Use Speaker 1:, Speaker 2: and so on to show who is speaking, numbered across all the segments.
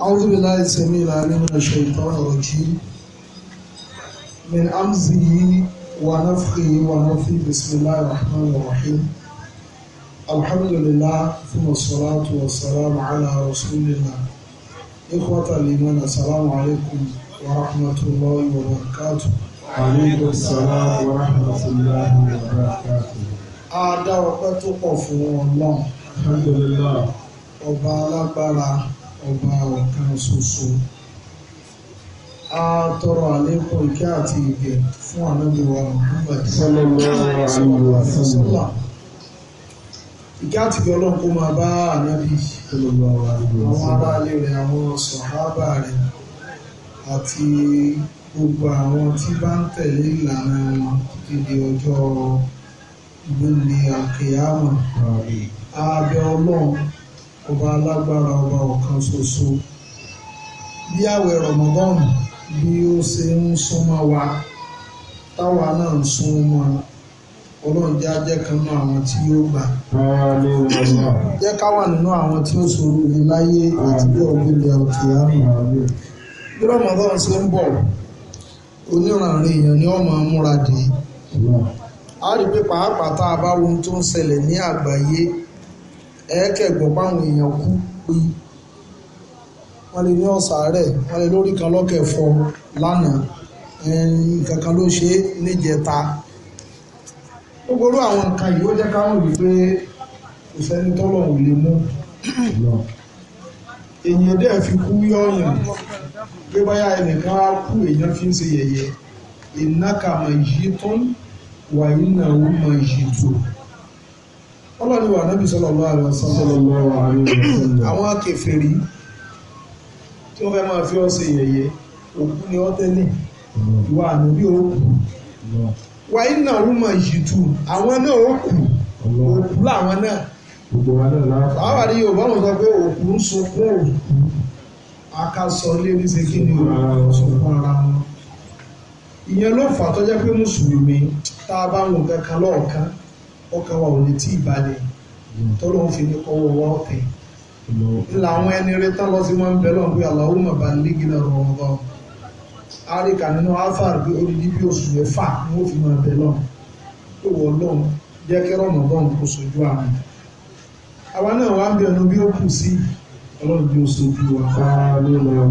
Speaker 1: أعوذ بالله السميع العليم من الشيطان الرجيم من أمزه ونفخه ونفخه بسم الله الرحمن الرحيم الحمد لله ثم الصلاة والسلام على رسول الله إخوة الإيمان السلام عليكم ورحمة الله وبركاته عليكم السلام ورحمة الله وبركاته أعداء وقت قفوا الله الحمد لله ọba alágbára ọba ọ̀kan ṣoṣo a tọrọ àlékún ìkẹ́ àti ìgẹ̀ fún ànábìwà Muhammad sọlọ́lọ́ ìkẹ́ àti ìgẹ̀ ọlọ́run kó máa bá ànábì àwọn aráalé rẹ̀ àwọn sọ̀hábà rẹ̀ àti gbogbo àwọn tí bá ń tẹ̀lé ìlànà dídí ọjọ́ ìgbóni àkèyàmọ̀ ààbẹ̀ ọlọ́run ọba alágbára ọba ọ̀kan ṣoṣo bí àwẹ̀ Ramadan bí ó ṣe ń súnmọ́ wa táwa náà ń súnmọ́ ọlọ́run jẹ́ ajẹ́ kan nínú àwọn tí yóò gbà jẹ́ ká wà nínú àwọn tí ó ṣòro ní láyé àti bí ọ̀gbìnlẹ̀ àmì bí Ramadan ṣe ń bọ̀ onírànrin èèyàn ni ọmọ múra a rí pé pàápàá tá a bá wo ohun tó ń ṣẹlẹ̀ ní àgbáyé ẹ̀ẹ́kẹ̀gbọ̀n páwọn èèyàn kú pé wọ́n lè ní ọ̀sàárẹ̀ wọ́n lè lórí kan lọ́kẹ̀fọ́ lánàá nǹkan kan ló ṣe níjẹta gbogbo àwọn nǹkan yìí ó jẹ́ káwọn wípé kò sẹ́ni tọ́lọ̀ ò lè mú èèyàn dẹ́ fi kú yọ̀yàn pé báyà ẹnìkan á kú èèyàn fi ń ṣe yẹ̀yẹ́ ìnáka yìí tó wà nínú àwọn mọ̀ yìí tó ọlọ́ni wà nábì sallallahu alaihi wasallam àwọn akẹfẹ̀rí tí wọ́n fẹ́ máa fi ọ́ ṣe yẹ̀yẹ́ òkú ni ọ́ tẹ́lẹ̀ ìwà ànábì ó kù wà iná rúmọ̀ ìṣìtú àwọn náà ó kù òkú làwọn náà àwọn àdé yorùbá wọn sọ pé òkú ń sunkún òkú akásọ lérí ṣe kí ni sunkún ara wọn ìyẹn ló fà tó tá a bá wọn ọkàn wa ò ní tí ìbàlẹ̀ tọ́lọ́run fi ní kọ́wọ́ wá ọ̀tẹ̀ ńlá àwọn ẹni rẹ tán lọ sí wọn ń bẹ lọ́n pé Allahumma balligh Ramadan àríkà nínú alfar pé odidi bí oṣù mẹ́fà ni wọ́n fi máa bẹ lọ́n pé wọ́n lọ́n jẹ́ kí Ramadan kò sojú àmì àwa náà wá ń bẹ ẹnu bí ó kù sí ọlọ́run bí ó sojú wa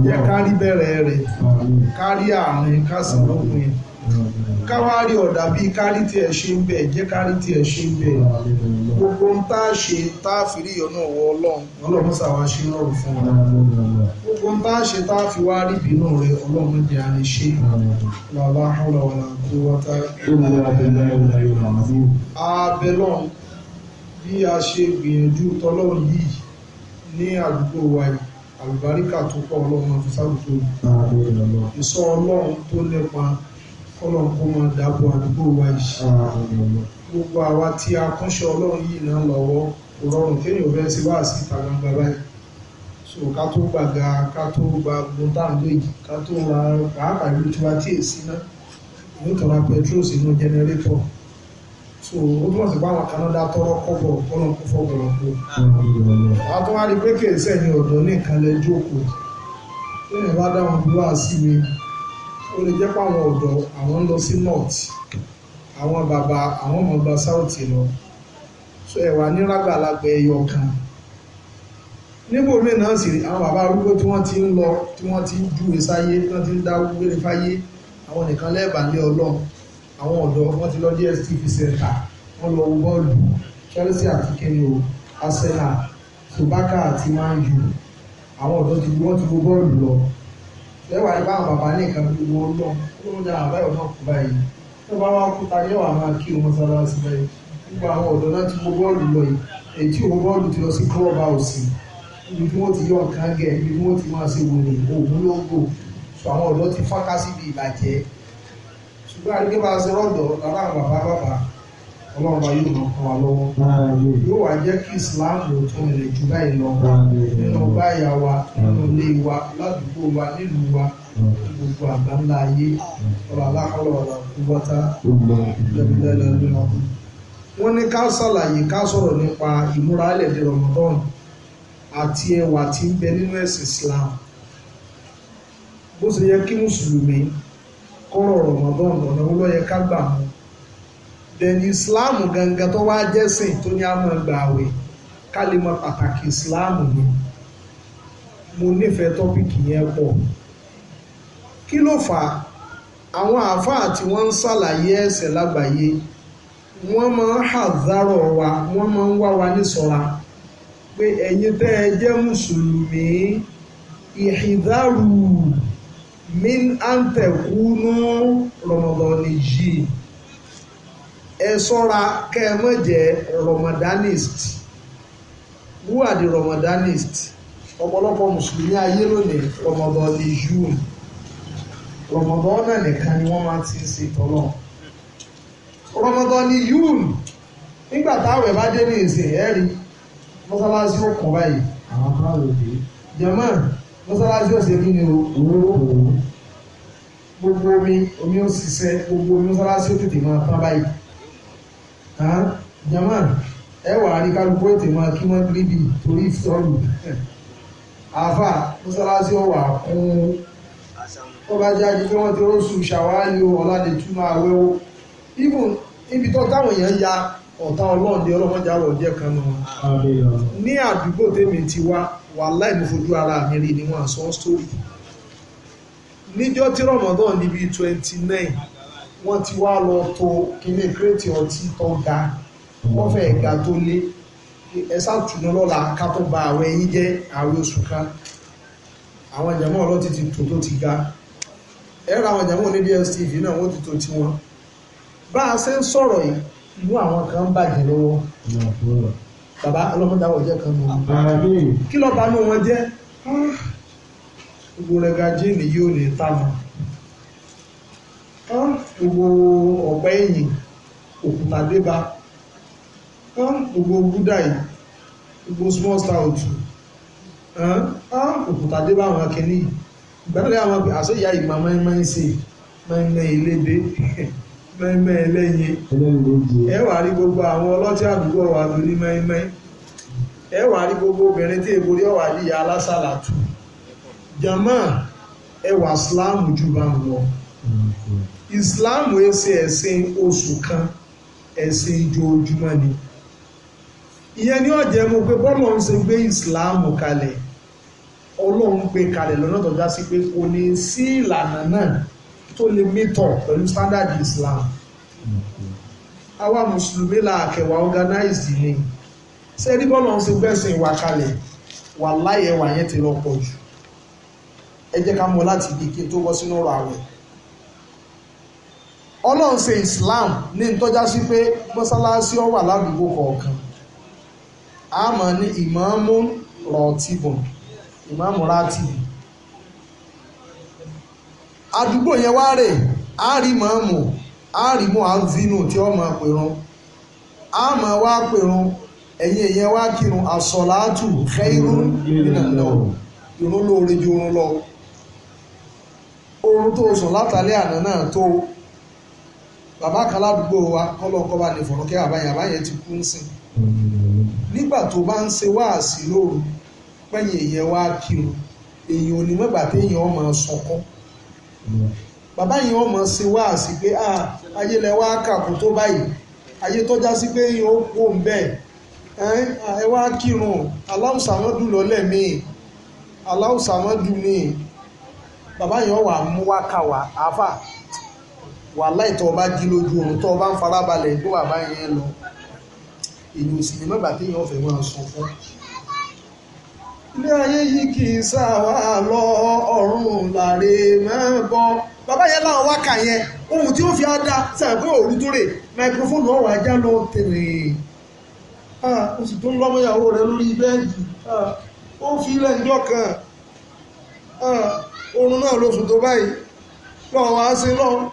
Speaker 1: jẹ́ kárí bẹ̀rẹ̀ rẹ̀ kárí àárín kásìlọ́gbìn káwárí ọ̀dà bíi kárí tí ẹ ṣe ń bẹ̀ jẹ́ kárí tí ẹ ṣe ń bẹ̀ gbogbo ń tá a ṣe tá a fi rí ìyọ́nú ọwọ́ ọlọ́run ọlọ́run ṣàwá ṣe rọrùn fún wa gbogbo ń tá a ṣe tá a fi wá rí ìbínú rẹ ọlọ́run jẹ́ a lè ṣe làlá ọ̀rọ̀ ọ̀là kó wọ́tá abẹ́lọ́run bí a ṣe gbìyànjú tọ́lọ́run yìí ní àdúgbò wa yìí àlùbáríkà tó pọ̀ ọlọ́run fi sáàdúgbò ìsọ ọlọ́run tó nípa Ọlọ́run kó máa dáàbò àdúgbò wa yìí gbogbo àwa tí a kúnṣe Ọlọ́run yìí náà lọ́wọ́ kò rọrùn kéèyàn bẹ́ẹ̀ sí wá sí ìta gbangba báyìí so ká tó gbàgà ká tó gba gbọ́ntàndéjì ká tó ra pàápàá ìlú tí wàá tíyè sí náà nítorí petrol sínú jẹnẹrétọ̀ so ó túmọ̀ sí báwọn kan dá tọrọ kọ́bọ̀ kọ́nà kó fọ́gbọ̀rọ̀ kó. a tún wá rí pé kèésì ẹ̀yìn ọ̀dọ́ nìkan lẹ́jọ́ kò lẹ́yìn bá dáhùn bí wàá sí ó lè jẹ́ pé àwọn ọ̀dọ́ àwọn ń lọ sí north àwọn bàbá àwọn ọmọ gba south lọ so ẹ̀wà ní rágbàlagbà ẹyọ kan níbo mi náà sì àwọn bàbá arúgbó tí wọ́n ti ń lọ tí wọ́n ti ń júwe sáyé tí wọ́n ti ń dá gbére fáyé àwọn nìkan lẹ́ẹ̀bàlẹ́ ọlọ́run àwọn ọ̀dọ́ wọ́n ti lọ DSTV center wọ́n lọ wo bọ́ọ̀lù Chelsea àti kenny Arsenal Subaka àti manju, U àwọn ọ̀dọ́ ti wọ́n ti wo bọ́ọ̀lù lọ lẹ́wà ní báwọn bàbá ní nǹkan bí wọ́n lọ lóun ní àwọn àbáyọ̀ náà kú báyìí tó bá wá kú ta yẹ́wà máa kí wọn mọ́sálásí báyìí gbogbo àwọn ọ̀dọ́ náà ti mú bọ́ọ̀lù lọ yìí èyí tí òun bọ́ọ̀lù ti lọ sí club house ibi tí wọ́n ti yọ nǹkan gẹ̀ ibi tí wọ́n ti máa ṣe wòlé òun ló ń gbò so àwọn ọ̀dọ́ ti fọ́nká síbi ìbàjẹ́ ṣùgbọ́n àdúgbò bá ṣe rọ́ọ̀dọ̀ ọlọ́run bá yóò ràn fún wa lọ́wọ́ yóò wá jẹ́ kí ìsìláàmù tó rìnrìn jù báyìí lọ nínú báyà wa nínú ilé wa ládùúgbò wa nílùú wa gbogbo àgbáńlá ayé ọ̀rọ̀ aláhọ́rọ̀ ọ̀rọ̀ àkúwọ́tá lẹ́bílẹ́lẹ́ nínú ọdún. wọ́n ní ká ṣàlàyé ká sọ̀rọ̀ nípa ìmúralẹ̀ dé Ramadan àti ẹwà tí ń bẹ nínú ẹ̀sìn Islam bó ṣe yẹ kí mùsùlùmí kọ́rọ̀ Ramadan lọ́nà ó lọ́ yẹ ká gbà mú dẹ̀yìn islam gangan tó wá jẹ́sìn tó ní àmọ́ gbààwẹ̀ ká lè mọ pàtàkì islam ni mo nífẹ̀ẹ́ tọ́pìkì yẹn pọ̀ kí ló fà á àwọn àáfàá tí wọ́n ń ṣàlàyé ẹ̀sẹ̀ lágbàáyé wọ́n máa ń hàzárọ̀ wa wọ́n máa ń wá wa níṣọ́ra pé ẹ̀yin tẹ́ ẹ jẹ́ mùsùlùmí ìhìdárù min antẹ̀kúnú rọmọdọ̀nì yìí ẹ sọ́ra kẹ́ ẹ mọ̀ jẹ́ ramadanist who are the ramadanist ọ̀pọ̀lọpọ̀ mùsùlùmí ayé lónìí ramadan lè yú ramadan náà nìkan ni wọ́n máa ti ń ṣe tọ́lọ́ ramadan ni yú nígbà táwẹ̀ bá dé ní ìsìn ẹ̀rí mọ́sálásí ó kàn báyìí àwọn bá lò dé jẹ̀mọ́ mọ́sálásí ó ṣe kí ni owó gbogbo omi omi ó ṣiṣẹ́ gbogbo omi mọ́sálásí ó tètè máa tán báyìí jama ẹ wà á rí kálukú ètè máa kí wọ́n gíríbì torí ìfọ́lù àáfà mọ́sálásí ọ̀wà kún tó bá jáde pé wọ́n ti rọ́ọ̀sù ṣàwárí ọ̀làdẹ̀tú máa wẹ́wọ́ even ibi tó táwọn èèyàn ya ọ̀tá ọlọ́run ní ọlọ́run járọ̀ ọ̀jẹ́ kan nù wọn. ní àdúgbò tèmi ti wá wàláì mo fojú ara mi rí ni wọ́n sọ sórí. níjọ́ tí rọ̀mọ́dán níbi twenty nine wọ́n ti wá lọ to kíní kírètì ọtí tó ga wọ́n fẹ́ ga tó lé ẹ sátúnú lọ́la ká tó ba àwọn ẹyin jẹ́ àwọn oṣù kan àwọn ìjàmọ́ ọlọ́tí ti tò tó ti ga ẹ̀rọ àwọn ìjàmọ́ ní DSTV náà wọ́n ti tò tí wọn bá a ṣe ń sọ̀rọ̀ yìí inú àwọn kan ń bàjẹ́ lọ́wọ́ bàbá ọlọ́mọdáwọ̀ jẹ́ kan nù kí lọ́ba nù wọn jẹ́ ah, gbogbo rẹ̀ gajé nìyí ò ní tà gbogbo ọ̀pẹ ẹ̀yìn òkúta débá gbogbo buddha yìí gbogbo small star òjò òkúta débá àwọn akẹ́ni yìí gbẹ́rẹ́ àwọn àṣeyà ìgbà mẹ́mẹ́ ń ṣe mẹ́mẹ́ ìlédè mẹ́mẹ́ ẹlẹ́yin ẹ wá rí gbogbo àwọn ọlọ́tí àdúgbò wà lórí mẹ́mẹ́ ẹ wá rí gbogbo obìnrin tí èborí ọ̀wà yíya alásàlátù jama ẹ wà síláàmù jù bá ń lọ. Islam ẹ ṣe ẹ̀sìn oṣù kan ẹ̀sìn ìjọojúmọ́ ni ìyẹn ni ọ̀jẹ̀ mo pé bọ́lọ̀ ń ṣe gbé Islam kalẹ̀ ọlọ́run gbé kalẹ̀ lọ́nà tó já sí pé kò ní sí ìlànà náà tó lè mítọ̀ pẹ̀lú standard Islam àwa mùsùlùmí la àkẹwà organized ni ṣé ní bọ́lọ̀ ń ṣe gbẹ̀sìn wa kalẹ̀ wà láyẹ̀wà yẹn ti lọ pọ̀ jù ẹ jẹ́ ká mọ̀ láti ibi kí n tó wọ́ sínú ọ̀rọ̀ àwẹ̀ ọlọ́run ṣe islam ní tọ́já sí pé mọ́sálásí ó wà ládùúgbò kọ̀ọ̀kan a mọ̀ ní ìmáàmù rọ̀tìbùn ìmáàmù rátìbùn àdúgbò yẹn wá rè á rí mọ̀ọ́mù á rí mọ̀ azinu tí ó máa pèrun á máa wá pèrun ẹ̀yin èèyàn wá kírun àsọ̀láàtù khairun minan nawm irun lóore ju orun lọ orun tó sùn látàlẹ́ àná náà tó bàbá kan ládùúgbò wa kọ́lọ́kọ́ bá lè fọ̀rọ̀ kí ti kú ń nígbà tó bá ń ṣe wáàsí lóru pẹ́yìn èèyàn wá kí o èèyàn ò ní mọ́gbà téèyàn ọmọ sọkọ́ bàbá ọmọ ṣe wáàsí pé ayé lẹ wá kàkó tó báyìí ayé tọ́já sí pé ó kó ń bẹ́ẹ̀ ẹ wá kírun míì wàhálà ìtọ́ ọba jí lójú oorun tọ́ ọba ń farabalẹ̀ tó bàbá yẹn lọ èyí ò sì lè mẹ́gbà téèyàn ọ̀fẹ́ máa sọ fún. ilé ayé yìí kì í sáwà lọ ọ̀run làrè mẹ́bọ. bàbá yẹn láwọn wákà yẹn ohun tí ó fi á dá sàgbé òru tó rè máikrófóònù ọ̀wọ̀ ajá lọ tèrè. o sì tún lọ́mọ ìyàwó rẹ lórí bẹ́ẹ̀dì ó fi ilẹ̀ ńjọ́ kan oorun náà lóṣù tó báyìí lọ́wọ́ á sí lọ́wọ́.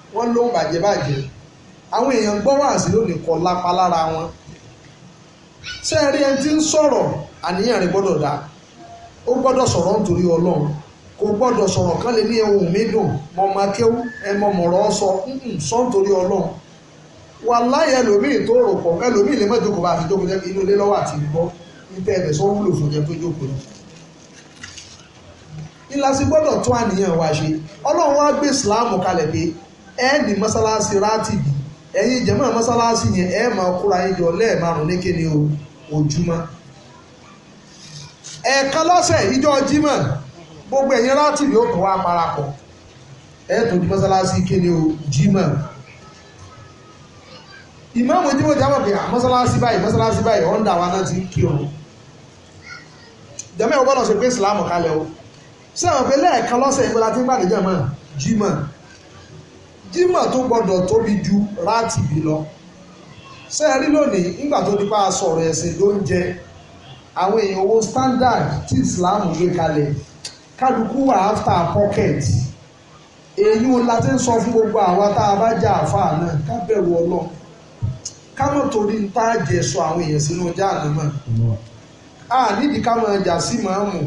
Speaker 1: wọ́n ló ń bàjẹ́ bàjẹ́ àwọn èèyàn gbọ́ wàásì lónìí kọ́ lápá lára wọn ṣé ẹ rí ẹni tí ń sọ̀rọ̀ àníyàn rẹ̀ gbọ́dọ̀ dáa ó gbọ́dọ̀ sọ̀rọ̀ nítorí ọlọ́run kò gbọ́dọ̀ sọ̀rọ̀ kán lè ní ohun mi dùn mọ ọmọ akéwú ẹ mọ mọ̀rọ̀ sọ sọ nítorí ọlọ́run wà láyé ẹlòmíì tó rò pọ̀ ẹlòmíì lè mọ́tò kò bá fi jókòó jẹ́ inú ilé lọ́wọ́ àti gbọ́ níta ẹ̀bẹ̀ sọ wúlò fún jẹ́ tó jókòó ni. ìlàsí gbọ́dọ̀ tún àníyàn wa ṣe ọlọ́run wá gbé ìsìláàmù kalẹ̀ pé ẹ ní mọ́sálásí rátìbì ẹ̀yin ìjẹ́mọ́ mọ́sálásí yẹn ẹ máa kóra yín jọ lẹ́ẹ̀márùn ní kíni o ojúmọ́ ẹ̀ẹ̀kan lọ́sẹ̀ ìjọ jímọ̀ gbogbo ẹ̀yin rátìbì ó kàn wá parapọ̀ ẹ tòjú mọ́sálásí kíni o jímọ̀ ìmáàmù jímọ̀ jábọ̀ pé mọ́sálásí báyìí mọ́sálásí báyìí ọ̀ndà wa náà ti ń kí ọ̀run jẹ́mẹ́ ọgbọ́n lọ sí pé ìsìlámù kalẹ̀ o sí pé lẹ́ẹ̀kan lọ́sẹ̀ ìgbọ́lá tí ń bá nìjọ́ mọ́ jímọ̀ jimoh tó gbọ́dọ̀ tóbi ju rátìbì lọ ṣé ẹ rí lónìí nígbà tó nípa sọ̀rọ̀ ẹ̀sìn ló ń jẹ àwọn èèyàn owó standard tí Islam gbé kalẹ̀ kálukú wà after pocket èyí wọn sọ fún gbogbo àwa tá a bá jẹ náà ká bẹ̀rù Ọlọ́run ká mọ̀ torí ń tá a jẹ sọ àwọn a nídìí ká máa jà sí màámù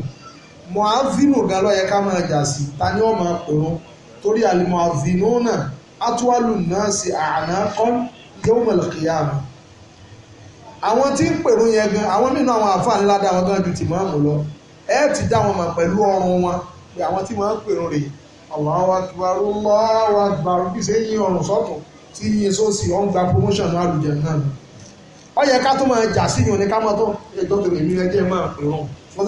Speaker 1: mọ̀ á ta ni torí àlùmọ̀ atúwálù náà sí àná kọ́ yóò mọ̀lẹ̀ kìyà mọ́ àwọn tí ń pèrò yẹn gan àwọn nínú àwọn àfáà ńlá dá wọn gan ju tì máàmù lọ ẹ ti dá wọn mọ̀ pẹ̀lú ọrùn wọn pé àwọn tí wọ́n ń pèrò rèé Allahu akbar Allahu akbar bí ṣe yín ọrùn sọ́tún tí yín sósì ọ̀n gba promotion náà àlùjẹ náà ni ó yẹ ká tó máa jà sí yìí ní ká máa tó ẹjọ́ tó èmi ẹjẹ́ máa pèrò wọn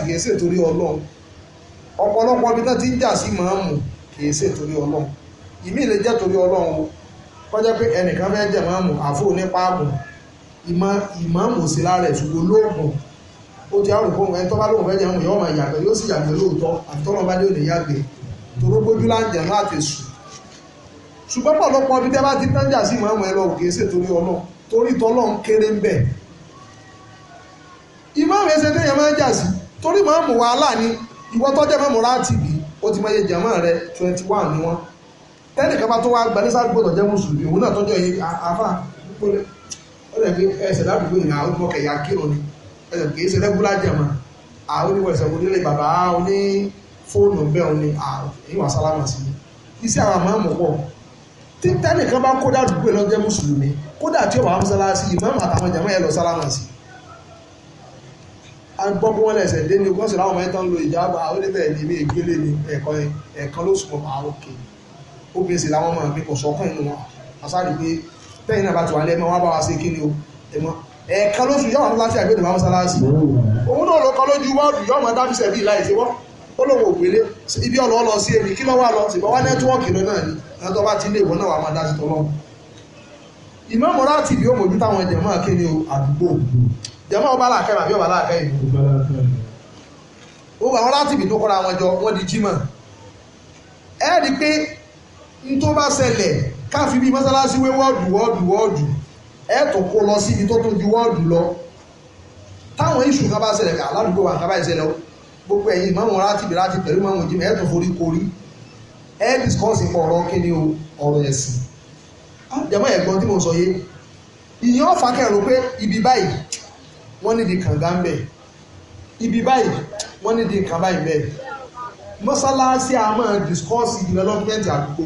Speaker 1: sọ́tún ẹ̀ ọ̀pọ̀lọpọ̀ ibi tán ti ń jà sí màámù kìí ṣe torí ọlọ́run ìmí lè jẹ́ torí ọlọ́run o kọjá pé ẹnìkan fẹ́ jẹ màámù àfọ nípa ààbùn ìmọ̀ ìmọ̀ọ́mù sí lára ẹ̀ ṣùgbọ́n lóògùn ó ti àrùkọ ẹni tó bá lóògùn fẹ́ jẹ màámù yóò máa yàgbẹ́ yóò sì yàgbẹ́ lóòótọ́ àti tọ́lọ́ bá dé òní yàgbẹ́ toró gbójú láǹjẹ̀ náà àti sùn ṣùgbọ́n pọ̀lọpọ̀ ibi tẹ́ bá ti tán jà sí màámù ẹ lọ kìí ṣe torí ọlọ́run torí tọ́lọ́run kéré ń bẹ̀ wàhálà ni ìwọ tó jẹ́ mọ́mọ́ra tìbí ó ti mọye jẹ̀mọ́ rẹ twenty one ni wọ́n tẹ́nìkan bá tó wá gba ní sádùúgbò tó jẹ́ mùsùlùmí òun náà tọ́jú ẹ̀yìn afá pólẹ̀ ó lè fi ẹsẹ̀ ládùúgbò ìrìn àwọn ọmọ kẹ̀yà kírun ni ẹsẹ̀ kì í ṣe rẹ́gúlá jẹ̀mọ́ àwọn oníwọ̀ ẹ̀sẹ̀ onílé bàbá oní fóònù bẹ́ẹ̀ ni ìwà sálámà sí iṣẹ́ àwọn àmọ́ àmọ́ pọ̀ tí tẹ́nìkan bá kó dádùúgbò lọ́jẹ́ mùsùlùmí kódà tí ó wà á mú sálámà sí ìmọ̀ àtàwọn jẹ̀mọ́ ẹ̀ a ń gbọ́ mọ́wọ́lẹ̀ ẹ̀sẹ̀ lé ní wọ́n sì ráwọn mẹ́ta ń lo ìjábà oníbẹ̀ ní ní ìgbélé ní ẹ̀kọ́ ẹ̀kan ló sùn mọ́ òkè obìnrin sì láwọn máa mi kò sọ fún wọn àsáàrí pé tẹ́yìn náà bá ti wà lẹ́mọ́ wá bá wa ṣe kí ni o ẹ̀mọ́ ẹ̀kan ló sùn yọ̀wọ̀n láti àgbẹ̀dẹ̀ máa ń sáláàsì òun náà ló kọ́ lójú wọ́ọ̀dù yọ̀wọ̀n dáfíṣẹ̀ bíi láì ṣe wọ́n ó lóun ògbélé ibi ọ̀lọ́ lọ sí èmi kí lọ́wọ́ lọ ṣùgbọ́n wá nẹ́tíwọ́ọ̀kì lọ náà ni ẹni tó bá ti lé ìwọ náà wà máa dá sí tọ́lọ́run ìmọ̀mọ́ra tìbí ó mọ̀jú táwọn ẹ̀jẹ̀ máa kéde àdúgbò jẹ́mọ́ ọba aláàkẹ́ màbí ọba aláàkẹ́ ìlú ó bá wọn láti ibi tó kọ́ra wọn jọ wọ́n di jímọ̀ ẹ rí i pé n tó bá ṣẹlẹ̀ káfí bíi mọ́sálásí wé wọ́ọ̀dù wọ́ọ̀dù wọ́ọ̀dù ẹ tó kó lọ síbi tó tó ju wọ́ọ̀dù lọ táwọn iṣu kan bá ṣẹlẹ̀ aládùúgbò wa kan bá ṣẹlẹ̀ gbogbo ẹ̀yìn mọ́mú láti ibi láti pẹ̀lú mọ́mú jímọ̀ ẹ tó forí korí ẹ discourse pọ̀ ọ̀rọ̀ kíni o ọ̀rọ̀ ẹ̀sìn jẹ́mọ́ ẹ̀gbọ́n tí mo sọ yé ìyẹn ọ̀fà kẹrù pé wọ́n nídi kànga ń bẹ̀ ibi báyìí wọ́n nídi nǹkan báyìí bẹ́ẹ̀ mọ́sálásí a máa discourse development àdúgbò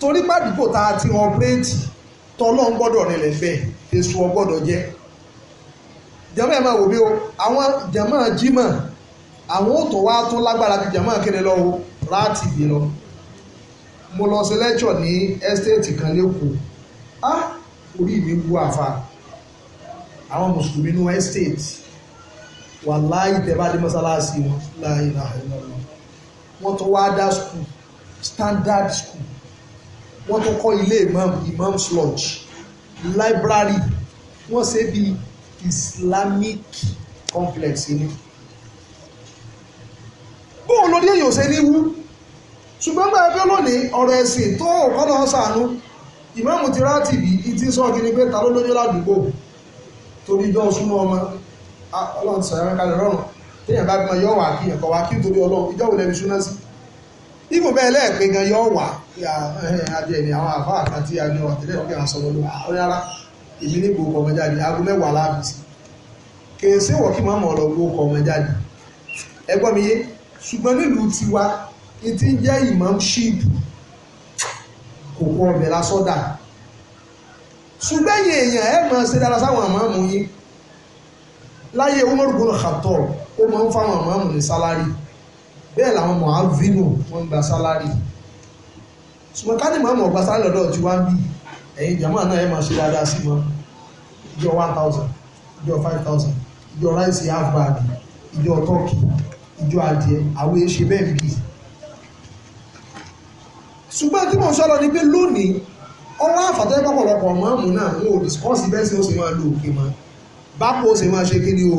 Speaker 1: torí pàdúgbò tá a ti ọ̀pẹ́rẹ́tì tọ́lọ́ ń gbọ́dọ̀ rìnlẹ̀ bẹ́ẹ̀ èso ọgbọ́dọ̀ jẹ́ jàmá ẹ̀ máa wò bí o àwọn jàmá jímọ̀ àwọn òtò wa tó lágbára ju jàmá kéde lọ o láti bì lọ mo lọ sí lẹ́tọ̀ ní ẹ́stéètì kan lẹ́kọ̀ọ́ ah orí mi wú àfa àwọn mùsùlùmí ní estate wàláhì tẹ́ bá dé mọ́sálásí wọn láàyè láàyè lọ́wọ́ wọ́n tó wá dá school standard school wọ́n tó kọ́ ilé imam imam's lodge library wọ́n ṣe bí islamic complex ni bóun ló dé èèyàn ṣe ní wú ṣùgbọ́n gbà ẹgbẹ́ lónìí ọ̀rọ̀ ẹ̀sìn tó ọ̀kọ́ náà sànú ìmáàmù ti ráàtì bí i ti sọ kí ni pé ta ló lójú ládùúgbò torí jọ́ súnmọ́ ọmọ ọlọ́run ti sọ̀rọ̀ kalẹ̀ rọrùn téèyàn bá gbọ́n yọ̀ wá kí ẹ̀kọ́ wá kí nítorí ọlọ́run ìjọ́ òun lẹ́nu súná sí ibò bẹ́ẹ̀ lẹ́ẹ̀pẹ́ gan yọ̀ wá adìẹ ni àwọn àfáà kan tí a ní wà tẹ́lẹ̀ ọ̀kẹ́ àwọn sọ̀rọ̀ lọ́wọ́ àwọn rárá èmi ní gbogbo ọmọ jáde aago mẹ́wàá láàbì sí kèé sí wọ̀ kí ṣùgbọ́n yìí èèyàn ẹ̀ máa ṣe dára sáwọn àmọ́ọ̀mù yín láyé Umar ibn Khattab ó máa ń fáwọn àmọ́ọ̀mù ní sálárì bẹ́ẹ̀ làwọn mọ̀ávínù wọ́n gba sálárì ṣùgbọ́n ká ní mọ̀ọ́mù ọgbà sálárì lọ́dọ̀ tí wọ́n ń bì ẹ̀yin jàmáà náà ẹ̀ máa ṣe dáadáa sí wọn ìjọ one thousand ìjọ five thousand ìjọ ráìsì half bag ìjọ tọ́kì ìjọ adìẹ àwọn èṣe bẹ́ẹ̀ bì ṣùgbọ́n tí mo sọ̀rọ̀ ni pé lónìí ọlá àfàtẹ́ pọ̀pọ̀lọpọ̀ mọ́ọ̀mù náà ń wò discourse bẹ́ẹ̀ sí ó sì máa lo òkè mọ́ bápò ó sì máa ṣe kí ni o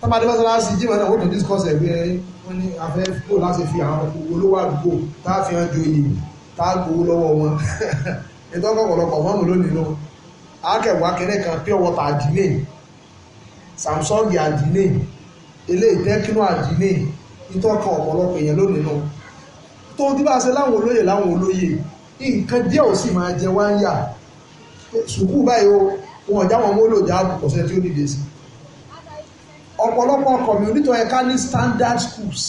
Speaker 1: tọ́pàdé mọ́sálásí jíma náà ó tún discourse ẹ̀ pé wọ́n ní afẹ́ kó láti fi àwọn olówó àdúgbò tá a fi hàn joyè tá a gbowó lọ́wọ́ wọn ìtọ́ pọ̀pọ̀lọpọ̀ mọ́ọ̀mù lónìí lọ akẹwà kẹrẹ kan pure water àdínlé Samsung àdínlé eléyìí tẹkínú àdínlé ìtọ́ka ọ̀pọ̀lọpọ̀ èèyàn lónìí náà tó ti bá a ṣe láwọn olóyè láwọn olóyè nǹkan díẹ̀ ò sì máa jẹ wá ń yà sùkú báyìí o wọn ọ̀já wọn mú lòdì àbùkù ọ̀sẹ̀ tí ó dìde sí ọ̀pọ̀lọpọ̀ community ẹ̀ka ní standard schools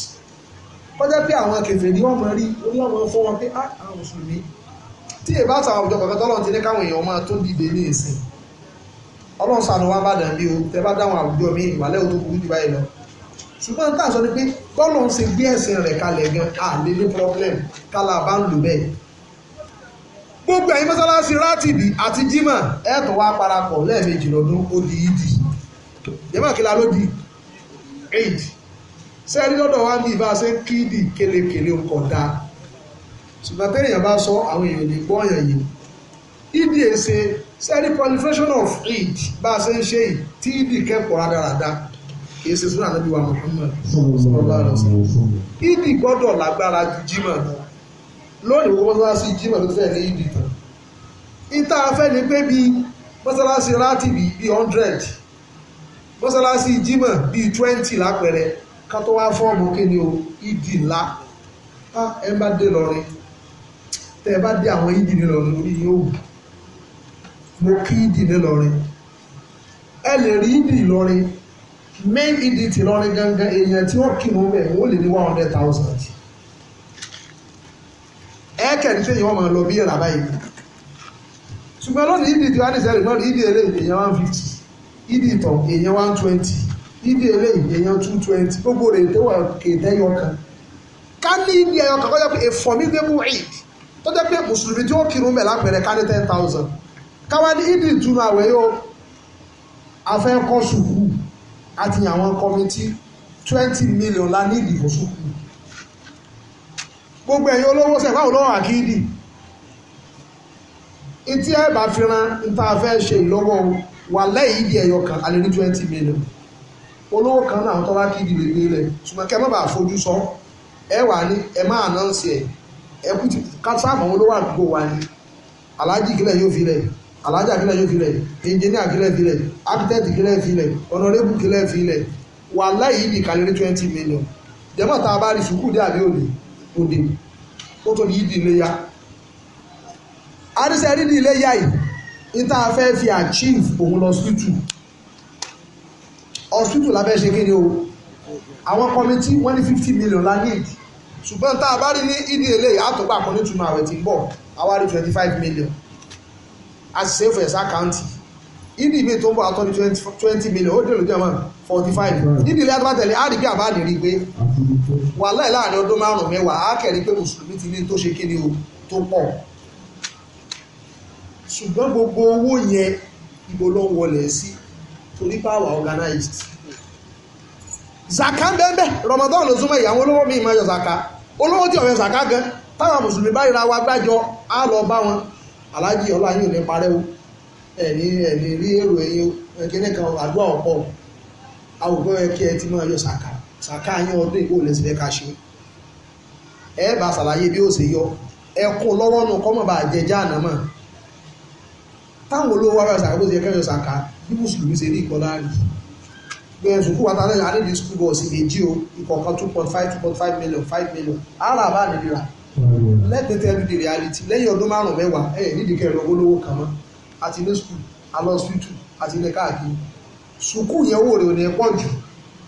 Speaker 1: kọjá pé àwọn kẹfẹ́ ní wọ́n mọ̀ rí oníwọ̀n mọ̀ fún wọn pé ah, àwọn mùsùlùmí tí èbá àtàwọn àwùjọ kankan tọ́lọ́run ti ní káwọn èèyàn máa tó dìde ní ìsìn ọlọ́run sànù wá bá dàn bí o tẹ bá dáhùn àwùjọ mi ìwàlẹ́ òtó kúrú jù báyìí lọ ṣùgbọ́n tá à sọ ni pé tọ́lọ́run ṣe gbé ẹ̀sìn rẹ̀ kalẹ̀ gan-an àlélé problem kálá bá ń lò bẹ́ẹ̀ gbogbo ẹ̀yin mọ́sálásí rátìbì àti jímọ̀ ẹ̀ tó wá parapọ̀ lẹ́ẹ̀mejì lọ́dún ó di ìdì jẹ́mọ̀ kí ló di eid sẹ́ẹ̀rí lọ́dọ̀ wa ní ìbá ṣe ń kí ìdì kélekèle ń kọ̀ da ṣùgbọ́n tẹ́yìn bá sọ àwọn èèyàn lè gbọ́ ọ̀yàn yìí ìdì èsè sẹ́ẹ̀rí proliferation of eid bá a ṣe ń ṣe yìí tí ìdì kẹ́kọ̀ọ́ rádaràda kìí ṣe sínú ànábìwá Muhammad ìdì gbọ́dọ̀ lágbára ju jímọ̀ lọ lónìí wọ́n mọ́sálásí jimá ló fẹ́ ní ìdì tán ìta afẹ́ ni pé bíi mọ́sálásí rátìbì bíi hundred mọ́sálásí jimá bíi twenty lápẹ̀rẹ̀ ká tó wá fọ́ọ̀mù kíni o ìdì ńlá ah, ẹ bá dé lọ́rin tẹ́ ẹ bá dé àwọn ìdì nílọrin orí yóò wù mo kí ìdì nílọrin ẹ lè rí ìdì ìlọrin main ìdì tìlọrin gangan èèyàn tí wọ́n kírun bẹ̀ wọ́n lè ní one hundred thousand ẹ̀ẹ́kẹ̀rí sí ìwọ̀n máa lọ bí ìrà báyìí ṣùgbọ́n lónìí ìdí e tí wọ́n ní sẹ́rì náà ìdí eré èèyàn one fifty ìdí e ìtọ̀ èèyàn one twenty e ìdí eré èèyàn two twenty gbogbo rẹ̀ tó wà kéde yọkan ká ní ìdí ẹyọ kan kọjá pé èfọ̀ mi gbé mú ìd tó jẹ́ pé mùsùlùmí tí ó kírun mẹ́ lápẹ̀rẹ̀ ká ní ten thousand káwá ní ìdí ìtúnu àwẹ̀ yóò afẹ́ kọ́ sùkúù àti àwọn kọ́mítì twenty million la ní ìdìbò sùkúù gbogbo eyi olówó sẹ̀ olówó àkídì ìtí ẹ̀ bá fi ran ṣe ìlọ́wọ́ wà lẹ́yìn ìdí ẹ̀yọ kan alẹ́ ní million olówó kan náà tọ́lá lè gbé lẹ̀ ṣùgbọ́n kẹ́ ẹ má bàa fojú sọ ẹ wà ní ẹ máa announce ẹ ẹ kú kásáàmù olówó àdúgbò wa ni alájì kílẹ̀ yóò fi lẹ̀ alájà yóò fi lẹ̀ fi lẹ̀ fi lẹ̀ ó dé ó tó di yídi iléyà àdìsẹ́ rídi iléyà yìí níta fẹ́ fi achieve òun lọ síìtù ọ̀sìtù lábẹ́ ṣe kí ni o àwọn kọ́mítì wọ́n ní fifty million la need ṣùgbọ́n tá a bá rí ní ìdí eléyìí àtọ́gbà kan nítumọ̀ àwẹ̀ tí ń bọ̀ àwa rí twenty five million àṣìṣe fẹ̀sà káùntì ìdí ìbí tó ń bọ̀ àtọ́ ní twenty million ó dèrò jẹ́mọ́ forty five ìdí ilé àtúbà tẹ̀lé àdìgbé àbá lè rí i pé wàhálà láàrin ọdún márùn-ún mẹ́wàá á kẹ̀rí pé mùsùlùmí ti ní tó ṣe kí ni o tó pọ̀ ṣùgbọ́n gbogbo owó yẹn ibo ló ń wọlé sí torí power organized zaka bẹ́ẹ̀ Ramadan ló súnmọ́ ìyàwó olówó mi ìmọ̀ yọ zaka olówó tí ọ̀rẹ́ zaka gan táwọn mùsùlùmí báyìí ra wa gbájọ á lọ bá wọn aláàjì ọlá ẹ̀ní ẹ̀ní rí èrò ẹ̀yìn kíní kan àdúrà ọ̀pọ̀ àwòkọ́ ẹ kí ẹ ti máa yọ sàkà sàkà yín ọdún ìkó lè sì fẹ́ ká ṣe ẹ bá ṣàlàyé bí ó ṣe yọ ẹ kó lọ́wọ́ nù kọ́mọ̀ bá jẹ jáàná mọ̀ táwọn olówó wá bá ṣàkà bó ṣe yẹ kẹ́yọ sàkà bí mùsùlùmí ṣe rí ìkọlá rí bẹ́ẹ̀ sùkú wa tálẹ̀ àdéhùn school bus èjì o ìkọ̀ọ̀kan two point five two point five million five million ara àbá nìlera lẹ́tẹ̀ẹ́tẹ́ ẹ̀dùn the reality lẹ́yìn ọdún márùn-ún mẹ́wàá ẹ̀ nídìí kẹrin ogolówó kan mọ́ àti ilé skul alọ síwìtù àti ilé káàkiri sùkú yẹn owó rẹ̀ ò jù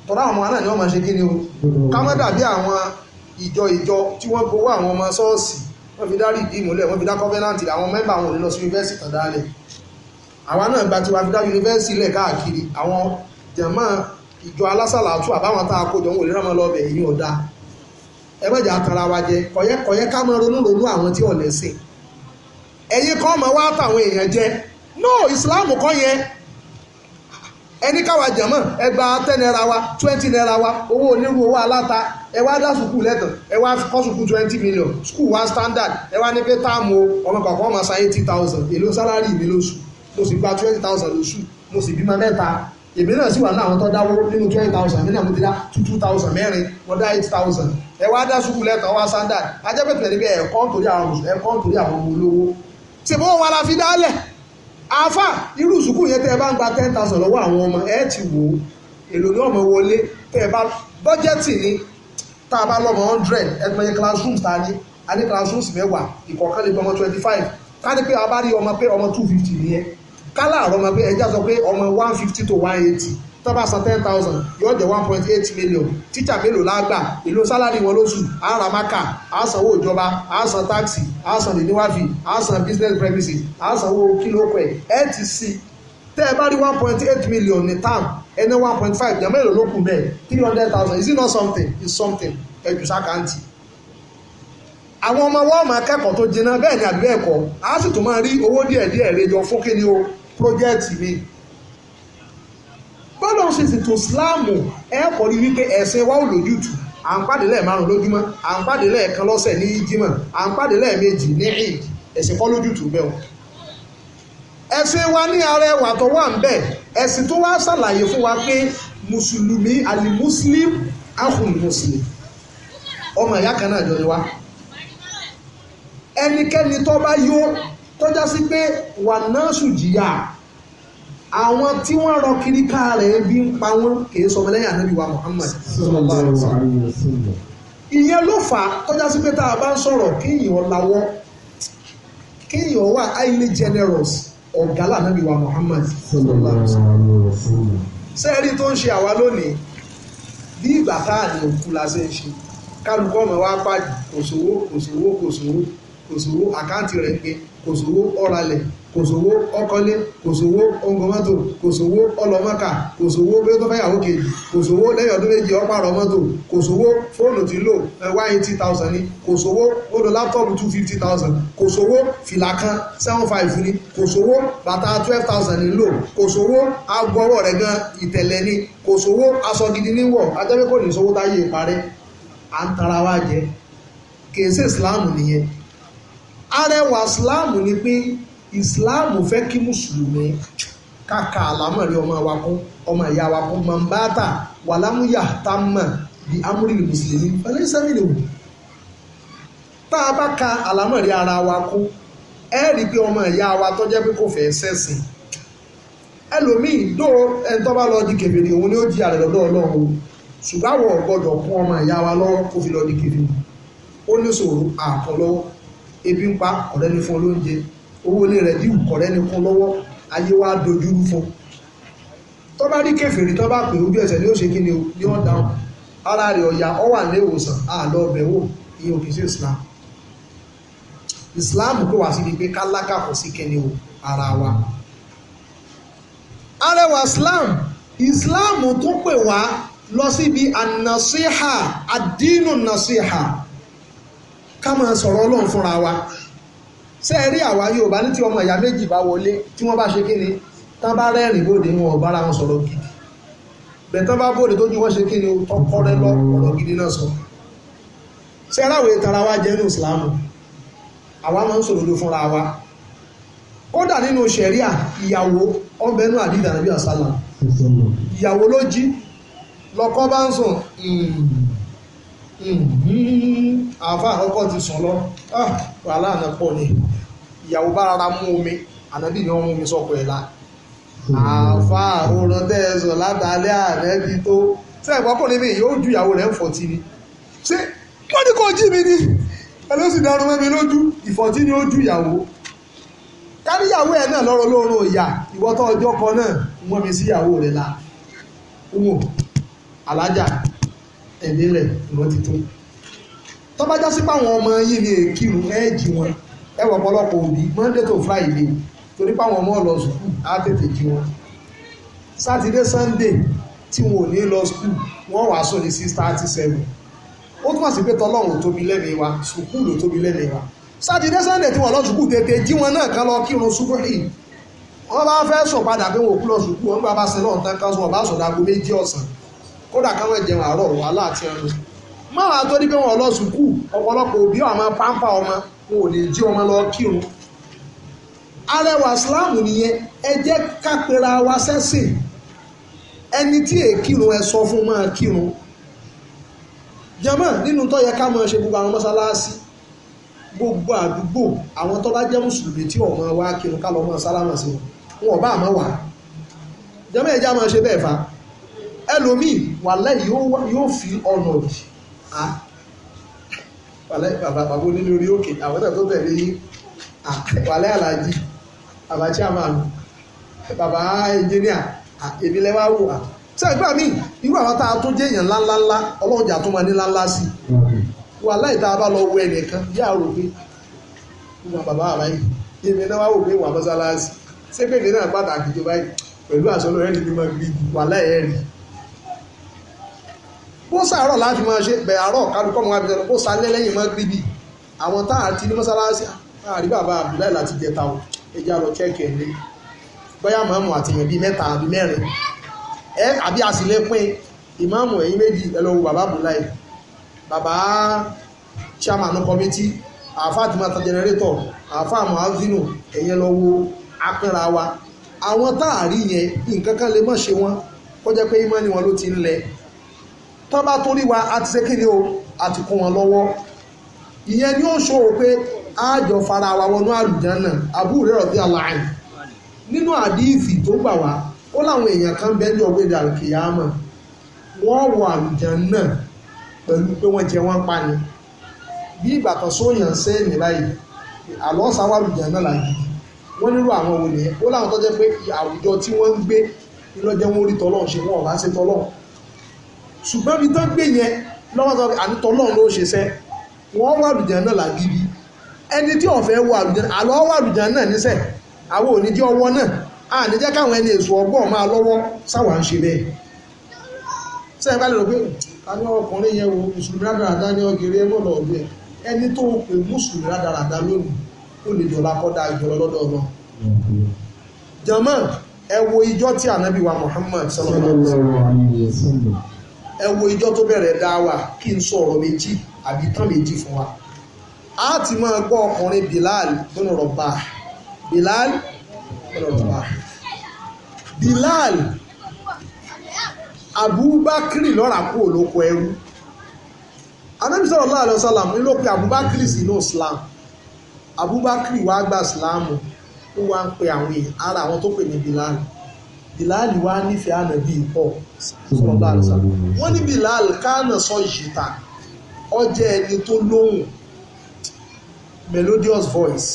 Speaker 1: tọ́lá àwọn ọmọ ni wọ́n máa ṣe kí ni o ká má dàbí àwọn ìjọ ìjọ tí wọ́n gbowó àwọn ọmọ ṣọ́ọ̀ṣì wọ́n fi dá rìdí ìmúlẹ̀ wọ́n fi dá kọ́fẹ́nàntì àwọn mẹ́mbà àwọn òlélọ́sí yunifásitì tàn dálẹ̀ àwa náà gba tiwa fi dá yunifásitì lẹ̀ káàkiri àwọn jẹ̀mọ́ ìjọ alásàlátù àbáwọn tá a kó jọ ń wòlé rámọ lọ́bẹ̀ èyí ọ̀dà ẹ tara wa jẹ kọ̀yẹ́ ká mọ ronú ronú àwọn tí ọ̀lẹ́sìn ẹ̀yin kan máa wá tàwọn èèyàn jẹ no Islam kọ́ yẹn ẹni káwa jẹ̀mọ́ ẹgbà ten naira wa twenty naira wa owó onírú owó aláta ẹ wá dá sùkúù lẹ́tọ̀ ẹ kọ́ sùkúù twenty million sùkúù wa standard ẹ wá ní pé táàmù ọmọ kọ̀ọ̀kan máa san eighty thousand èlò sálárì mi lóṣù mo sì gba twenty thousand lóṣù mo sì bímọ mẹ́ta èmi náà sì wà ní àwọn tó dáwó nínú twenty thousand èmi náà mo ti dá two two thousand mẹ́rin mo dá eight thousand ẹ wá dá sùkúù lẹ́tọ̀ wá standard ajẹ́pẹ̀tẹ̀ níbi ẹ̀kọ́ nítorí àwọn ọmọ olówó ṣe bó wọn la fi dálẹ̀ àáfà irú sùkúù yẹn tẹ́ ẹ bá ń gba ten thousand lọ́wọ́ àwọn ọmọ ẹ ti wò ó èlò ní ọmọ wọlé tẹ́ ẹ bá bọ́jẹ́tì ni tá a bá lọ́mọ hundred ẹgbẹ́ yẹn classrooms ta ni a ní classrooms mẹ́wàá ìkọ̀ọ̀kan lè gbọmọ twenty five ká ní pé a bá rí ọmọ pé ọmọ two fifty nìyẹn ká láàárọ̀ ọmọ pé ẹja sọ pé ọmọ one to 180 tọ́ba san ten thousand yóò jẹ́ one point eight million tíjà mélòó la gbà èlò sálárì wọn lóṣù á ra máka á sanwó ìjọba á san táksì á san lèníwáfì á san business premises á sanwó kílókù ẹ̀ ẹ̀ ti sí tẹ́ ẹ bá rí one point eight million ní tam ẹni one point five jẹ́ mélòó ló kù bẹ́ẹ̀ three hundred thousand is it not something is something ẹ̀jù sákàǹtì àwọn ọmọ wa máa kẹ́kọ̀ọ́ tó jiná bẹ́ẹ̀ ni àbí ẹ̀kọ́ a sì tún máa rí owó díẹ̀díẹ̀ rẹjọ fún kíni o prójẹ́ẹ̀tì mi bọ́lọ̀ ṣe ṣètò síláàmù ẹ̀ kọ́ rí wípé ẹ̀sìn wa ò lójútù à ń pàdé lẹ́ẹ̀márùn lójúmọ́ à ń pàdé lẹ́ẹ̀kan lọ́sẹ̀ ní jímọ̀ à ń pàdé lẹ́ẹ̀mejì ní eid ẹ̀sìn kọ́ lójútù bẹ́ẹ̀ o ẹ̀sìn wa ní ara ẹwà tó wà ń bẹ̀ ẹ̀sìn tó wá ṣàlàyé fún wa pé mùsùlùmí alimuslim ahùn mùsùlùmí ọmọ ìyá kan náà jọ ni wa ẹnikẹ́ni tó bá yó tó já sí pé wà náà sùn jìyà àwọn tí wọ́n rọ kiri ká rẹ̀ ebi ń pa wọ́n kìí sọmọ lẹ́yìn ànábì wa Muhammad ìyẹn ló fà á tọ́já sí pé tá a bá ń sọ̀rọ̀ kéèyàn lawọ́ kéèyàn wà highly generous ọ̀gá lànàbì wa Muhammad sẹ́ẹ̀rí tó ń ṣe àwa lónìí bí ìgbà tá à ní òkú la ṣe ń ṣe kálukọ́ ọmọ wa pàdé kòsòwò kòsòwò kòsòwò kòsòwò àkáǹtì rẹ̀ pé kòsòwò ọ̀ralẹ̀ kò sówó ọkọlé kò sówó ọgbọ̀n mọ́tò kò sówó ọlọ́mọ́kà kò sówó bí ó tó fẹ́yàwó kejì kò sówó lẹ́yìn ọdún méjì ọpàrọ̀ mọ́tò kò fóònù tí lò one eighty thousand ni kò sówó ó lo láptọ́ọ̀pù two fifty thousand kò sówó fìlà five ni kò sówó bàtà twelve thousand ni lò kò sówó aago ọwọ́ rẹ̀ gan ìtẹ̀lẹ̀ ni kò sówó aṣọ gidi níwọ̀ ajẹ́pẹ́ kò ní sówó táyé ìparẹ́ à kèsè Islam nìyẹn arẹwà Islam ni pé Islam fẹ́ kí mùsùlùmí kàkà àlámọ̀rí ọmọ wa kún ọmọ ìyá wa kún mọ̀nbáàtà wàlámúyà támà bí amúrìlì mùsùlùmí pẹ̀lú sẹ́mìlì wò. tá a bá ka àlámọ̀rí ara wa kún ẹ rí i pé ọmọ ìyá wa tó jẹ́ pé kò fẹ́ sẹ́sìn ẹlòmíì dó ẹni tó bá lọ di kèfèrè òun ni ó di àrẹ lọ́dọ̀ ọlọ́run ṣùgbọ́n àwọn ọ̀gbọ́dọ̀ kún ọmọ ìyá wa lọ́wọ́ kó fi lọ di kèfèrè ó ní sòrò àkànlọ́wọ́ ebi ń pa ọ̀rẹ́ fún olóúnjẹ owó ilé rẹ̀ díwù kọ̀rẹ́ ni kún lọ́wọ́ ayé wa dojúrú fún bá rí kèfèrí tó bá pè ojú ẹsẹ̀ ni ó ṣe kí ni ó dáhùn ara ọ̀yà ọ wà ní ìwòsàn àlọ́ ọbẹ̀ wò ìyẹn sí Islam Islam kò wá síbi pé kálákà kò sí o ara wa Islam Islam tó pè wá lọ síbi ànàṣíhà àdínù nàṣíhà ká máa sọ̀rọ̀ ṣé ẹ rí àwa Yorùbá ní tí ọmọ ìyá méjì bá wọlé tí wọ́n bá ṣe kí ni tán bá rẹ́rìn bòde wọn ò bára wọn sọ̀rọ̀ gidi bẹ̀tán bá bòde tó ní wọ́n ṣe kí ni ọkọ rẹ lọ ọ̀rọ̀ gidi náà sọ ṣé aráwọ̀ ìtara wa jẹ́ ní ìsìlámù àwa máa ń sọ̀rọ̀ ló fúnra wa kódà nínú ṣẹ̀ríà ìyàwó ọbẹ̀nú àdìdà nàbí àsálà ìyàwó ló jí lọ́kọ bá ń sùn àáfà àkọ́kọ́ ti sùn lọ ah, wàhálà àná pọ̀ ni ìyàwó bá rárá mú omi ànábì ni wọ́n mú omi sọ́kọ̀ ẹ̀ la hmm. àfa òòrùn tẹ́ ẹ sọ látàlẹ́ ànábì tó ṣé ẹ̀kọ́ kò níbi yóò ju ìyàwó rẹ̀ fọ̀tí ni ṣé wọ́n ní kò jí mi ni ẹ ló sì darun mẹ́mi lójú ìfọ̀tí ni ó ju ìyàwó káníyàwó ẹ̀ náà lọ́rọ̀ lóorun ìyà ìwọ́tọ̀ ọjọ́ kan náà wọ́n mi sí ìyàwó rẹ̀ la wò alájà ẹ̀mí rẹ̀ ìwọ́n ti tó tọ́bájá sí pàwọn ọmọ yìí ni èkìrù ẹ̀ẹ́jì wọn ẹ wọ ọ̀pọ̀lọpọ̀ òbí monday to friday torí páwọn ọmọ lọ sùkúù á tètè jí wọn sátidé sunday tí wọn ò ní lọ sùkúù wọn wàá sùn ní six thirty seven ó túmọ̀ sí pé tọlọ́run tóbi lẹ́mìí wa sùkúù ló tóbi lẹ́mìí wa sátidé sunday tí wọn lọ sùkúù tètè jí wọn náà kán lọ kírun sùkúù yìí wọ́n bá fẹ́ sùn padà pé wọn ò kúlọ̀ sùkúù wọn gbà bá sin lọ́run tán kan sùn ọ̀bá sọ̀dà ago méjì ọ̀sán kódà káwọn ẹ̀jẹ̀ wàárọ̀ wàhálà àti ẹnu máa tó ní pé wọn lọ sùkúù ọ̀pọ̀lọpọ̀ òbí àwọn pampa ọmọ wọn ò lè jí ọmọ lọ kírun arẹwà islam nìyẹn ẹ jẹ́ ká pera wa sẹ́sìn ẹni tí èè kírun ẹ sọ fún máa kírun jàmá nínú tó yẹ ká máa ṣe gbogbo àwọn mọ́sálásí gbogbo àdúgbò àwọn tó bá jẹ́ mùsùlùmí tí ọmọ wa kírun ká lọ mọ́ sálámà sí wọn wọn ò bá àmọ́ wà jàmá ẹ já máa ṣe bẹ́ẹ̀ fa ẹlòmíì wàlẹ́ yóò fi ọ̀nà jì bàbá onílé orí òkè àwọn tó tẹ̀lé yín wàlẹ́ alájí bàbá chairman bàbá engineer èmi lẹ́wà wò wá sẹ́gbà mi irú àwọn tá a tún jẹ́ èèyàn ńláńláńlá ọlọ́jà tó máa ní ńláńlá sí wàhálà ìta bá lọ wọ ẹnìkan yá rò pé wọn bàbá àbá yìí èmi náà wá wò pé wà mọ́sálásí ṣé pé náà pàtàkì tó báyìí pẹ̀lú àṣọ lọ́rẹ́ ní mímọ́ gbígbì wàhálà ẹ̀rí bó sàárọ̀ láti máa ṣe bẹ̀ àárọ̀ kálukọ́ mọ́ àbí sọ́nà bó sálẹ́ lẹ́yìn mọ́ gíríbì àwọn táà ti ní mọ́sálásí àrí bàbá Abdullahi láti jẹta o ẹja lọ chẹ́ẹ̀kì ẹ̀lẹ́ bóyá mọ́mù àti èèyàn bíi mẹ́ta àbí mẹ́rin ẹ àbí àsìlẹ̀ pín ìmáàmù ẹ̀yìn méjì ẹ lọ wo bàbá Abdullahi bàbá chairman committee àáfàá tí máa ta jẹnẹrétọ̀ àáfàá muhazinu ẹ̀yẹn lọ wo apínra wa àwọn táà rí yẹn nǹkan kan lè má ṣe wọn kó jẹ́ pé ìmọ̀ ni wọn ló ti ń lẹ̀ tán bá torí wa àti ṣe kí ni o àti kó wọn lọ́wọ́ ìyẹn ni ó ṣòro pé àjọ fara wa wọnú àlùjánà Abu Hurairah bí aláì nínú àdíìsì tó gbà wá ó láwọn èèyàn kan bẹ́ẹ̀ ní ọ̀gbẹ́dà kìyàmọ̀ wọ́n wọ àlùjánà pẹ̀lú pé wọ́n jẹ wọ́n pa ni bí ìgbà kan sóyàn sẹ́ẹ̀nì báyìí àlọ́ sáwọ́ àlùjánà làgìdì wọ́n nílò àwọn wo ó láwọn tó jẹ́ pé àwùjọ tí wọ́n ń gbé ìlọ́jẹ́ orí tọ́lọ́ ṣe wọn ọ̀bá ṣe tọ́lọ́ ṣùgbọ́n ibi tán gbé yẹn lọ́wọ́ sọ àmì tọ́lọ́ ló ṣe sẹ́ wọ́n wà lùjẹ́ náà làgídí ẹni tí ọ̀fẹ́ wà lùjẹ́ àlọ́ wà lùjẹ́ náà níṣẹ́ àwọn òní jẹ́ ọwọ́ náà a ní jẹ́ káwọn ẹni èso ọgbọ́n máa lọ́wọ́ sáwà ń ṣe bẹ́ẹ̀ sẹ́yìn bá lè rò pé àní ọkùnrin yẹn wo mùsùlùmí rádaràdá ní ọgẹrẹ ẹ mọ̀lọ́ ọ̀dọ́ ẹ ẹni tó o pè mùsùlùmí rádaràdá lónìí ó lè dọ̀la kọ́dá ìjọba lọ́dọ̀ ọ̀nà. jama ẹ wo ijọ́ ẹ wo ìjọ tó bẹ̀rẹ̀ dá wa kí n sọ ọ̀rọ̀ méjì àbí tán méjì fún wa a ti máa gbọ́ ọkùnrin Bilal bọ́nà rọ̀bà Bilal bọ́nà rọ̀bà Bilal Abubakar lọ́ra kú olóko ẹrú Ànábì sallallahu alaihi wasallam ló pe Abubakar sínú Islam Abubakar wàá gba Islam ó wá ń pe àwọn ará àwọn tó pè ní Bilal bilal wa nífẹ̀ẹ́ ànábì pọ̀ sọlọ́lá àlùsà wọ́n ní bilal kánà sọ yìtà ọjẹ́ ẹni tó lóhùn melodious voice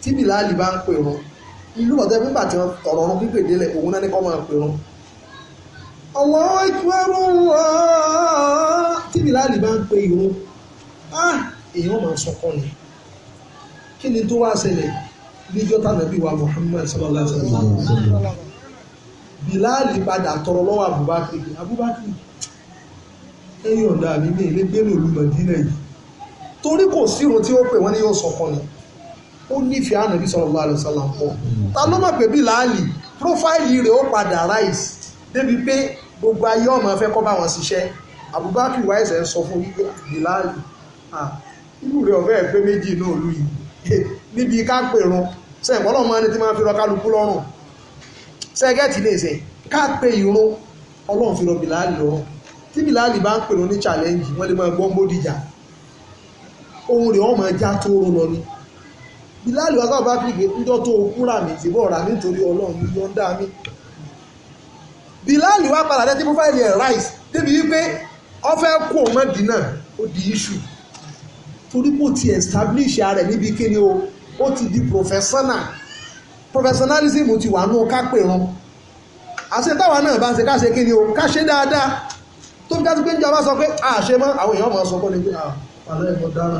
Speaker 1: tí bilal bá ń pè wọn ìlú ọ̀tẹ́ pípa tí wọ́n tọ̀rọ̀ ọ̀run pípé délẹ̀ òun náà ní kọ́ máa pè wọn. Allahu Akbar Allah tí bilal bá ń pè irun ah, èèyàn máa sọkọ ni kí ni tó wá ṣẹlẹ̀ níjọ́ tánàbí wa Muhammad sallallahu alaihi bilali padà tọrọ lọ́wọ́ Abubakar Abubakar ẹ̀yìn ọ̀dà mi ní ilé gbé lòlú yìí torí kò sírun tí ó pè wọ́n ní yóò sọ̀kan ni ó nífẹ̀ẹ́ ànábì sallallahu alaihi wasallam pọ̀ ta ló mọ̀ pé Bíláàlì prófáìlì rẹ̀ ó padà rise débi pé gbogbo ayé ọmọ fẹ́ kọ́ bá wọn ṣiṣẹ́ Abubakar wáyé sẹ́ ń sọ fún ah, bilali ah, irú rẹ̀ ọ̀fẹ́ ẹ̀fẹ́ méjì náà lù yìí níbi ká pèrún sẹ́yìn pọ́lọ́mọ́ ẹni tí máa fi rọ kálukú lọ́rùn sẹ́gẹ́tì lè ṣe ká pé ìrún ọlọ́run fi rọ bìláàlì lọ́rùn tí bìláàlì bá ń pè ní challenge wọ́n lè máa gbọ́n bódìjà ohun rẹ̀ wọ́n máa já tó rún lọ ni bìláàlì wákàtí bá fi gbé ńjọ́ tó kúrà mí ti bọ̀ rà nítorí ọlọ́run ló ń dá mi bìláàlì wá padà dẹ́tí profile ẹ̀ rice débi wípé ó fẹ́ kó o ó di issue torí kò ti establish ara ẹ̀ níbi kíni o ó ti di professional professionalism ti wà nù kápẹ̀ wọn àṣẹ táwa náà bá ń ṣe káṣe kí ni o káṣe dáadáa tó fi dájú pé ń jọba sọ pé àṣẹ mọ́ àwọn èèyàn mọ̀ sọ kọ́ni pé àlọ́ ẹ̀kọ́ dára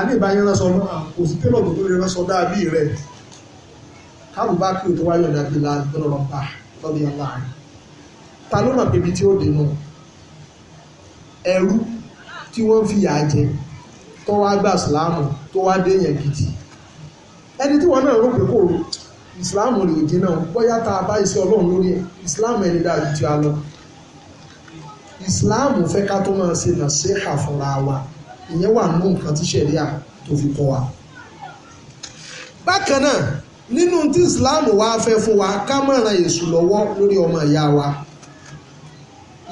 Speaker 1: àní ìbáyé rán sọ kò sí télọ̀dù tó lè rán sọ dáa bí rẹ̀ káàbù bá kí o tó wáyọ̀ dàbí láàrín lọ́dún yàrá rẹ̀ ta ló mọ̀ pébi tí ó dènà ẹrú tí wọ́n fi yà jẹ tó wá gbà síláàmù tó wá dé yẹn gidi ẹni tí wọn náà rò pé kò islam lè dín náà bóyá tá a bá iṣẹ́ ọlọ́run lórí ẹ̀ islam ẹni dáa ju a lọ islam fẹ́ ká tó máa ṣe nàṣẹ́hà fúnra wa ìyẹn wà nínú nǹkan tí ṣẹ̀ríà tó fi kọ́ wa. bákan náà nínú tí islam wá fẹ́ fún wa ká má ran èṣù lọ́wọ́ lórí ọmọ ìyá wa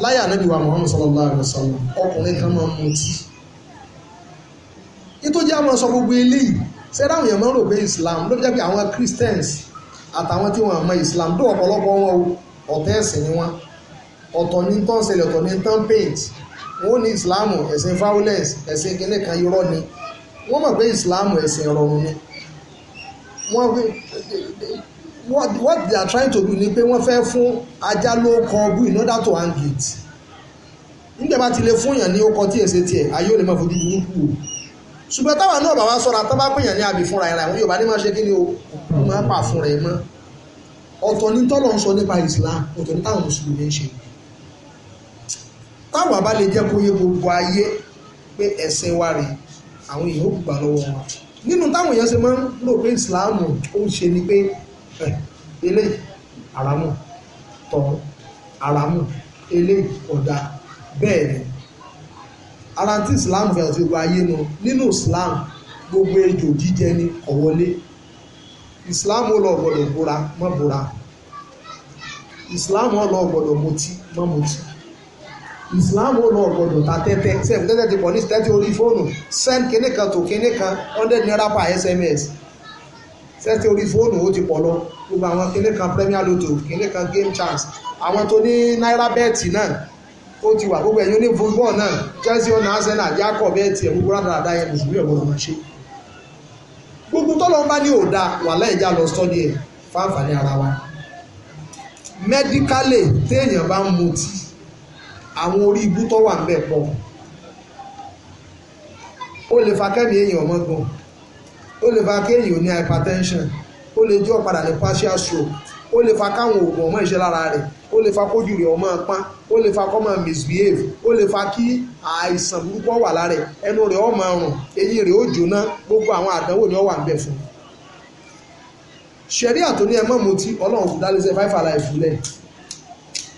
Speaker 1: láyà nábì wa muhammad sallallahu alayhi wa sallam ọkùnrin kan máa ń mutí nítorí àwọn sọ gbogbo eléyìí sẹ́dá àwọn èèyàn máa ń rò pé Islam ló fi jẹ́ pé àwọn Christians àtàwọn tí wọ́n mọ Islam tó ọ̀pọ̀lọpọ̀ wọn o ọ̀tẹ̀ ẹ̀sìn ni wọ́n ọ̀tọ̀ ní tán ṣẹlẹ̀ ọ̀tọ̀ ní tán paint wọ́n ní Islam ẹ̀sìn violence ẹ̀sìn kíní kan irọ́ ni wọ́n mọ̀ pé Islam ẹ̀sìn ìrọ̀rùn ni wọ́n fi what they are trying to do ni pé wọ́n fẹ́ fún ajá ló kọ ọbú in order to hang it nígbà bá ti lè fún èèyàn ní ó kọ tí èsè tiẹ̀ ayé ò lè ṣùgbọ́n táwọn náà bá wá sọ́ra tó bá pèèyàn ní àbí fúnra ẹ̀ra àwọn Yorùbá ní máa ṣe kí ni o máa pa fúnra ẹ̀ mọ́ ọ̀tọ̀ ní tọ́lọ̀ ń sọ nípa Islam ọ̀tọ̀ ní táwọn mùsùlùmí ń ṣe táwọn àbá lè jẹ́ kó yé gbogbo ayé pé ẹ̀sìn wa rèé àwọn èèyàn ó gbà lọ́wọ́ wọn nínú táwọn èèyàn ṣe máa ń lò pé Islam ó ń ṣe ni pé eléyìí àràmù tọ̀ àràmù eléyìí ọ̀dà bẹ́ẹ̀ ara islam fẹ̀rẹ̀ sí gbogbo ayé nu nínú islam gbogbo ejò jíjẹ ni ọ̀wọ́lé islam ó lọ gbọ́dọ̀ bora mọ́ bora islam ó lọ gbọ́dọ̀ mutí mọ́ mutí islam ó lọ gbọ́dọ̀ ta tẹ́tẹ́ sẹ́ẹ̀fù tẹ́tẹ́ ti pọ̀ ní tẹ́tẹ́ orí fóònù send kinní kan tó kinní kan hundred naira per sms tẹ́tẹ́ orí fóònù ó ti pọ̀ lọ gbogbo àwọn kinní kan premier lotto kinní kan game chance àwọn tó ní náírà bẹ́ẹ̀tì náà ó ti wà gbogbo ẹ̀yin ní football náà Chelsea ọ̀nà Arsenal yakọ̀ bẹ́ẹ̀ tiẹ̀ gbogbo rádaràdá yẹn mùsùlùmí ọ̀gbọ́n ọmọ ṣe gbogbo tọ́lọ́ bá ní òda wàhálà ìjà lọ sọ́dí ẹ̀ fáǹfààní ara wa mẹ́díkálè téèyàn bá ń mutí àwọn orí ibú tó wà ń pọ̀ ó lè fa kẹ́mi èèyàn ọmọgbọ̀n ó lè fa kéèyàn ní hypertension ó lè jẹ́ ọ̀padà ní partial stroke ó lè fa káwọn oògùn ọmọ ìṣe ó lè fa kójú rẹ̀ ọmọ pán ó lè fa kọ́ máa misbehave ó lè fa kí àìsàn burúkú wà lára ẹ̀ ẹnu rẹ̀ ó máa rùn eyín rẹ̀ ó jóná gbogbo àwọn àdánwò ni ó wà ń bẹ̀ fún un. ṣẹ̀rí àtòní ẹ̀ mọ́ mo ti ọlọ́run kò dálẹ́sẹ̀ fáìfà láì fúnlẹ̀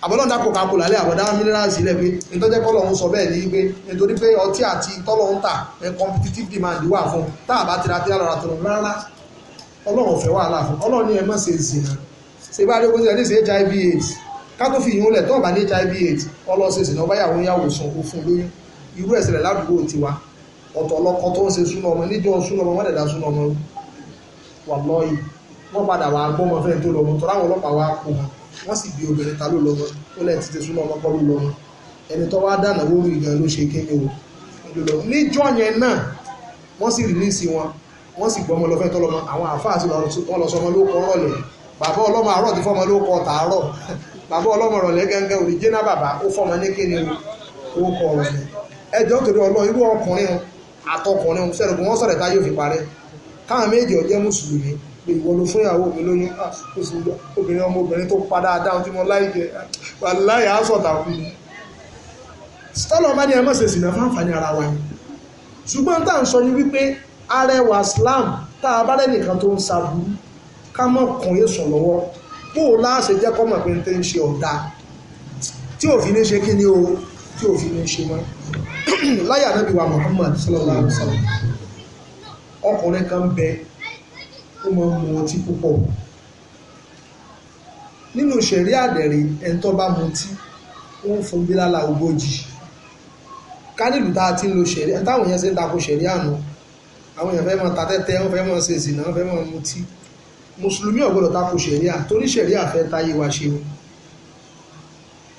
Speaker 1: àbọ̀lọ́dà coca cola lé àbọ̀dá minerals ilẹ̀ pé ìtọ́jẹ́ kọ́lọ́hún sọ bẹ́ẹ̀ ní pé nítorí pé ọtí àti tọ́lọ́hún tà competitive demand wà fún tá a bá tira tí a lọ́ra tó rárá ọlọ́run fẹ́ wàhálà fún ọlọ́run ní ẹ má ṣe zìnà ṣe bá rí ogún sí ẹ ní ṣe hiv aids ká tó fi ìyún lẹ̀ tó bá ní hiv aids ọlọ́sẹ̀sẹ̀ náà báyàwó yàwó sùn ó fún lóyún irú ẹ̀sẹ̀lẹ̀ ládùúgbò tiwa ọ̀tọ̀ ọlọ́kọ tó ń ṣe súnà ọmọ níjọ́ súnà ọmọ mọ́dẹ̀dá súnà ọmọ wà lọ́ọ̀yì wọ́n padà wà gbọ́mọ fẹ́ tó lọ́mọ tó láwọn ọlọ́pàá wá kó wọn wọ́n sì bí obìnrin ta ló lọ́mọ ó lẹ́ẹ̀ títí súnà ọmọ kọ́ ló lọ́mọ ẹni tó wá dànà wó rí gan ló ṣe kéde o níjọ́ yẹn bàbá ọlọ́mọ rọ̀lẹ́ gángan òrìjínà bàbá ó fọmọ ní kíni ó kọ ọ̀rọ̀ ni ẹjọ́ torí ọlọ́ irú ọkùnrin àtọkùnrin ohun sẹ́rùn wọ́n sọ̀rẹ̀ táyé òfin parẹ́ káwọn méjì ọjẹ́ mùsùlùmí pé ìwọ ló fún ìyàwó mi lóyún ah, obìnrin ọmọ obìnrin tó padà dáhùn tí mo láìjẹ ah, wà láyé àásọ̀tà fún mi stọ́lọ̀ bá ní ẹ mọ́sẹ̀ sínú fáǹfààní ara wa ṣùgbọ́n tá à ń sọ ní wípé arẹwà Islam tá a bá rẹ̀ nìkan tó ń sabu ká mọ̀ kàn yé sùn lọ́wọ́ bó o láàṣẹ jẹ́ kọ́mọ̀ pé n tẹ́ ń ṣe ọ̀dà tí òfin ní ṣe kí ni o tí òfin ní ṣe mọ́ láyé ànábì wa Muhammad sallallahu alaihi wasallam ọkùnrin kan bẹ ó máa ń mu ọtí púpọ̀ nínú ìṣẹ̀rí àdẹ̀rẹ̀ ẹni tó bá mu ọtí ó ń fún bílálà ogójì kánìlù tá a ti ń lo ṣẹ̀rí táwọn èèyàn ṣe ń tako ṣẹ̀rí àná àwọn èèyàn fẹ́ mọ tatẹ́tẹ́ wọ́n fẹ́ mọ ṣèṣì wọ́n fẹ́ mọ mutí mùsùlùmí ọ̀gbọ́dọ̀ tako ṣẹ̀ríà torí ṣẹ̀ríà fẹ́ táyé wa ṣe o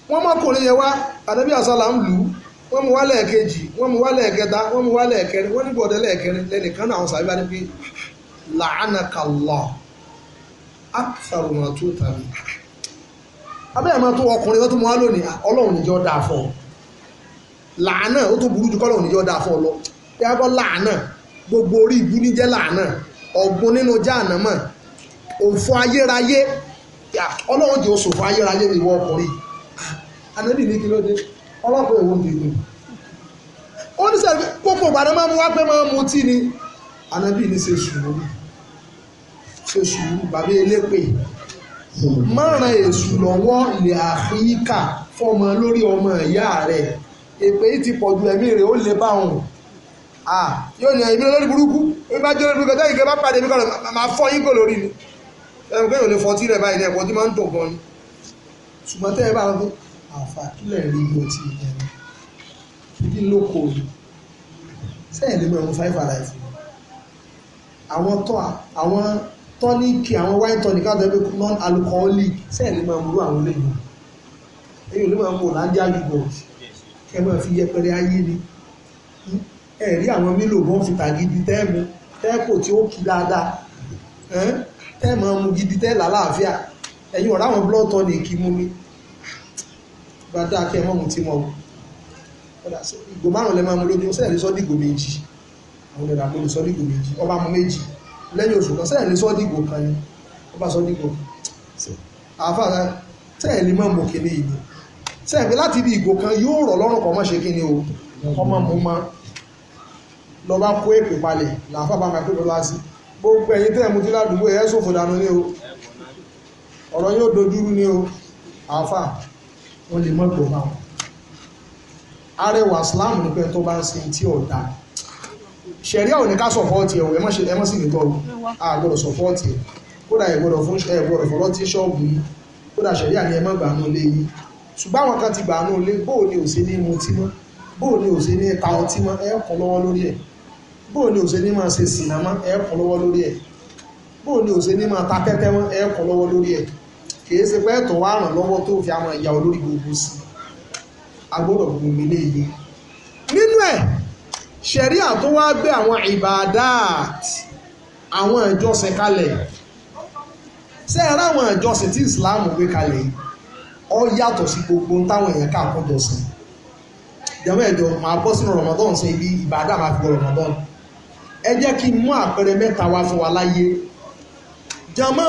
Speaker 1: wọn mọ́kùnrin yẹn wá àdẹ́bí àsálà ń lù ú wọ́n mú wá lẹ́ẹ̀kejì wọ́n mú wá lẹ́ẹ̀kẹta wọ́n mú wá lẹ́ẹ̀kẹrin wọ́n ní bọ̀dẹ̀ lẹ́ẹ̀kẹrin lẹ́nìkan náà àwọn sàbí bá ní pé làánàkàlọ́ tàbí tó ọkùnrin tó wá lónìí ọlọ́run níjọ́ dáa fọ́ làánà ó tó burú ju kọ́lọ́run níjọ́ dáa fọ́ lọ gbogbo orí ìbú níjẹ́ làánà ọ̀gbun nínú mọ́ òfò ayérayé ọlọ́run jẹ́ òṣòfò ayérayé ni ìwọ ọkùnrin ah, ànábì ní kí ló dé ọlọ́pàá èwo ń dìgbò ó ní sẹ́yìn gbogbo ìbàdàn máa mú wá pé máa mú tí ni ànábì ní ṣe sùúrù ṣe sùúrù bàbá elépè márùn èṣù lọ́wọ́ lè àfíríkà fọmọ lórí ọmọ ìyá rẹ̀ èpè yìí ti pọ̀jù ẹ̀mí rẹ̀ ó lè bá òun ah, yóò ní ẹ̀mí lórí burúkú ó lórí burúkú ọjọ́ ìgbẹ́ bá pàdé mi kọ́ lọ́ máa fọ́ yín kò lórí ni ẹnu kéèyàn lè fọtí rẹ̀ báyìí ẹ̀kọ́ tí máa ń dùn gan ni ṣùgbọ́n tẹ́ ẹ bá wọn àfà kílẹ̀ rí ibi ọtí yẹn ibi lóko yìí sẹ́yìn lè mọ ẹ̀mú five alive àwọn tọ́ àwọn tọ́níkì àwọn wine tonic káàtó ẹgbẹ́ non alcoholic sẹ́yìn lè mọ ẹ̀mú àwọn olóyìn èyí ò lè mọ ẹ̀mú ọ̀làjà gbígbọ̀ kẹ́ ẹ máa fi yẹpẹrẹ ayé ni ẹ̀rí àwọn mílò bọ́ǹfìtà gidi tẹ́ẹ̀mù tẹ́ẹ̀kò tí ó kí dáadáa tẹ́ mọ̀ mu gidi tẹ́ làlàáfíà ẹ̀yin ọ̀rá àwọn blood tonic mú mi bá dáa kí ẹ mọ̀ mu tí mo ìgò márùn lẹ́ máa mu lójú sẹ́yìn lè sọ́ dìgò méjì àwọn ọ̀dà mo lè sọ́ dìgò méjì ọba mu méjì lẹ́yìn oṣù kan sẹ́yìn lè sọ́ dìgò kan ni ọba sọ́ dìgò àáfà sẹ́yìn lè mọ̀ mọ̀ kíní ìgò sẹ́yìn pé láti ibi ìgò kan yóò rọ̀ lọ́rùn kọ́ mọ́ ṣe kíní o ọmọ mu mọ́ lọ́ba kó èpè palẹ̀ làáfà bá máa pé lọ́lá sí i gbogbo ẹ̀yin tẹ́ ẹ̀ mutí ládùúgbò ẹ̀ ṣòfò dànù ni o ọ̀rọ̀ yóò dojúrú ni o àáfà wọn lè mọ́ gbọ̀n báwọn arẹwà Islam ní pé tó bá ń ṣe tí ọ̀dà ṣẹ̀ríà ò ní ká sọ̀fọ́ọ̀tì ẹ̀ ẹ mọ́ ní tọ́lu a gbọ́dọ̀ sọ̀fọ́ọ̀tì ẹ̀ kódà ẹ̀ gbọ́dọ̀ fún ẹ̀ gbọ́dọ̀ fọlọ́ tí ṣọ́ọ̀bù yìí kódà ṣẹ̀ríà ní ẹ mọ́ gbàánú ilé yìí ṣùgbọ́n àwọn kan ti gbàánú ilé bóò ni ò sí ní mutí mọ́ bóò ni ò sí ní ta ọtí mọ́ ẹ̀ lọ́wọ́ lórí ẹ̀ bóò ni òṣè ní máa ṣe sìnà mọ́ ẹ lọ́wọ́ lórí ẹ̀ bóò ni òṣè ní máa ta tẹ́tẹ́ mọ́ ẹ kọ́ lọ́wọ́ lórí ẹ̀ kìí ṣe pé ẹ̀tọ́ wa ràn lọ́wọ́ tó fi àwọn ìyá olórí gbogbo sí agbọ́dọ̀ gbogbo ilé yìí nínú ẹ̀ ṣẹ̀ríà tó wá gbé àwọn ìbàdàt àwọn ìjọsìn kalẹ̀ ṣe ẹ̀rọ àwọn ìjọsìn tí Islam gbé kalẹ̀ ó yàtọ̀ sí gbogbo táwọn èèyàn kà kó jọsìn jẹ́mọ́ ẹ̀jọ̀ máa bọ́ sínú Ramadan sí ibi ìbàdàn máa fi gbọ́ Ramadan ẹ jẹ́ kí n mú àpẹẹrẹ mẹ́ta wá fún wa láyé jama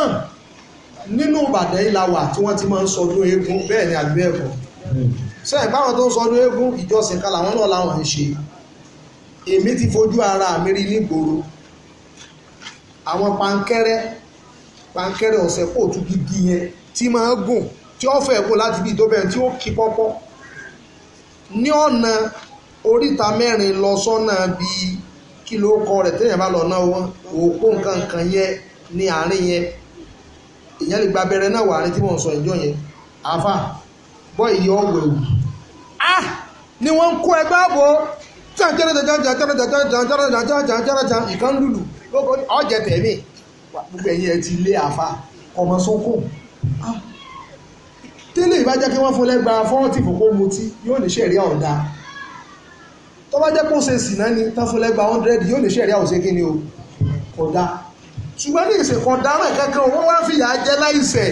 Speaker 1: nínú ìbàdàn ìlà wà tí wọ́n ti máa ń sọdún eégún bẹ́ẹ̀ ni àgbẹ̀ ẹ̀kọ́ sẹ́yìn báwọn tó ń sọdún eégún ìjọsìn kan làwọn náà làwọn ń ṣe èmi ti fojú ara mi nígboro àwọn pankẹ́rẹ́ pankẹ́rẹ́ ọ̀sẹ̀ kò tún gidi yẹn tí máa ń gùn tí ó fẹ́ kó láti bí ìdóbẹ̀rẹ̀ tí ó kí pọ́pọ́ ní ọ̀nà oríta mẹ́rin lọ sọ́nà bíi kí ló kọ rẹ̀ téèyàn bá lọ ná wọn òpó nǹkan kan yẹn ní àárín yẹn èèyàn lè gba abẹ́rẹ́ náà wà ní tí wọ́n sọ ìjọ yẹn àáfà bọ́ ìyẹ ọ̀wọ̀ ewu. a ni wọ́n ń kó ẹgbẹ́ ààbò ìkan lùlù ọ̀jẹ̀ tẹ̀mí gbogbo ẹ̀yìn ẹ̀ ti lé àáfà ọmọ sókò tẹ́lẹ̀ ìbájá kí wọ́n fún lẹ́gbàá fọ́ọ̀tì fòkó mutí yóò ní sẹ̀rí ọ̀dà tó bá jẹ́ kó ṣe sì náà ni tán fún lẹ́gbàá hundred yóò lè ṣe ẹ̀rí àwòṣe kí ni o kódà ṣùgbọ́n ní ìsìn kan dáná kankan wọ́n wá fìyà jẹ láìṣẹ̀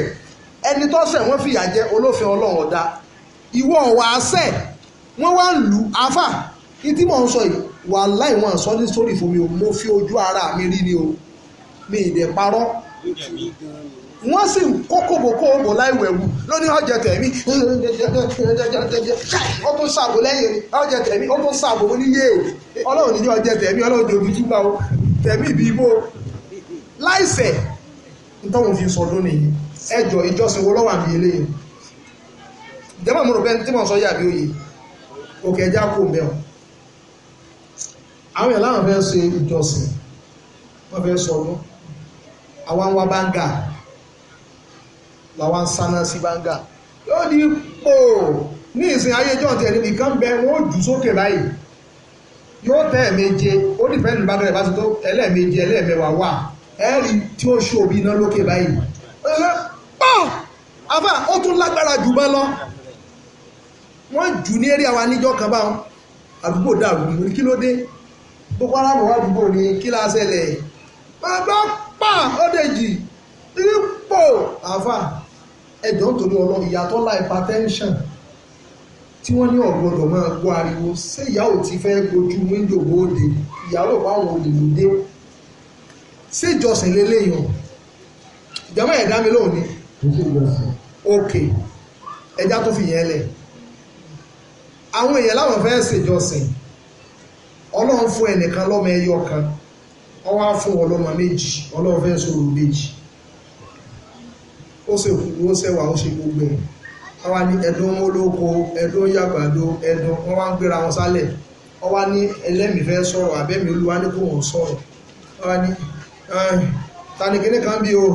Speaker 1: ẹni tó ṣẹ̀ wọ́n fìyà jẹ olófin ọlọ́run ọ̀dà ìwọ ọ̀wà àṣẹ wọ́n wá ń lù áfà ní tí mò ń sọ yìí wàláì wọ́n sọ ní sórí fún mi o mo fi ojú ara mi rí ni o mi ì dẹ̀ parọ́ wọ́n sì ń kó kòbókò òbò láìwẹ̀wù lónìí ọ̀jẹ̀ tẹ̀mí ó tún ṣàbò lẹ́yìn ọ̀jẹ̀ tẹ̀mí ó tún ṣàbò ó níyé o ọlọ́run níjẹ́ ọ̀jẹ̀ tẹ̀mí ọlọ́run ní ojú túbà o tẹ̀mí ibi ibo láìsẹ̀ nítorí fi sọ lónìí ẹjọ ìjọsìn wo lọ́wọ́ àbí eléyìí ìjọba mo rò pé tí mo sọ yàbí òye òkè ẹja kò mẹ́ o àwọn èèyàn láwọn fẹ́ ṣe ìjọsìn wọ́n fẹ́ sọ ọdún àwọn wa bá ń ga làwọn sáná sí báńgà yóò di pò ní ìsìn ayéjọ́ ti ẹ̀rí nìkan bẹ wọn ò jù sókè báyìí yóò tẹ́ ẹ̀méje ó dìpẹ́ nígbà tó ẹ̀ bá ti tó ẹlẹ́ẹ̀méje ẹlẹ́ẹ̀mẹwàá wà ẹ̀rí tí ó ṣe òbí iná lókè báyìí àfà ó tún lágbára jù bá lọ wọ́n jù ní eré àwa níjọ́ kan báwọn àdúgbò dàrú mo ní kí ló dé gbogbo aráàlú wa àdúgbò ní kí la ṣẹlẹ̀ bàbá pa ó dèjì ipò àfà ẹjọ́ nítorí ọlọ ìyàtọ̀ la hypertension tí wọ́n ní ọ̀gbọ́dọ̀ máa gbọ́ ariwo ṣé ìyàwó ti fẹ́ gbojú wíńdò bóde ìyàwó báwọn olè ló dé ṣé ìjọsìn lélẹ́yìn ìjọba ẹ̀dá mi ni. ok ẹja tó fi yẹn lẹ̀ àwọn èèyàn láwọn fẹ́ ṣèjọsìn ọlọ́run fún ẹnìkan lọ́mọ ẹyọ kan ọwọ́ á fún ọlọ́mọ méjì ọlọ́run fẹ́ sọ̀rọ̀ méjì ó ṣe òkúrú ó ṣẹwà ó ṣe gbogbo ẹ̀ wọ́n wá ní ẹ̀dùn olóko ẹ̀dùn yàgbàdo ẹ̀dùn wọ́n wá ń gbéra wọn sálẹ̀ wọ́n wá ní ẹlẹ́mìí fẹ́ sọ̀rọ̀ àbẹ́mi olúwa ní kò wọ́n sọ̀rọ̀ wọ́n wá ní tanikini kan bí o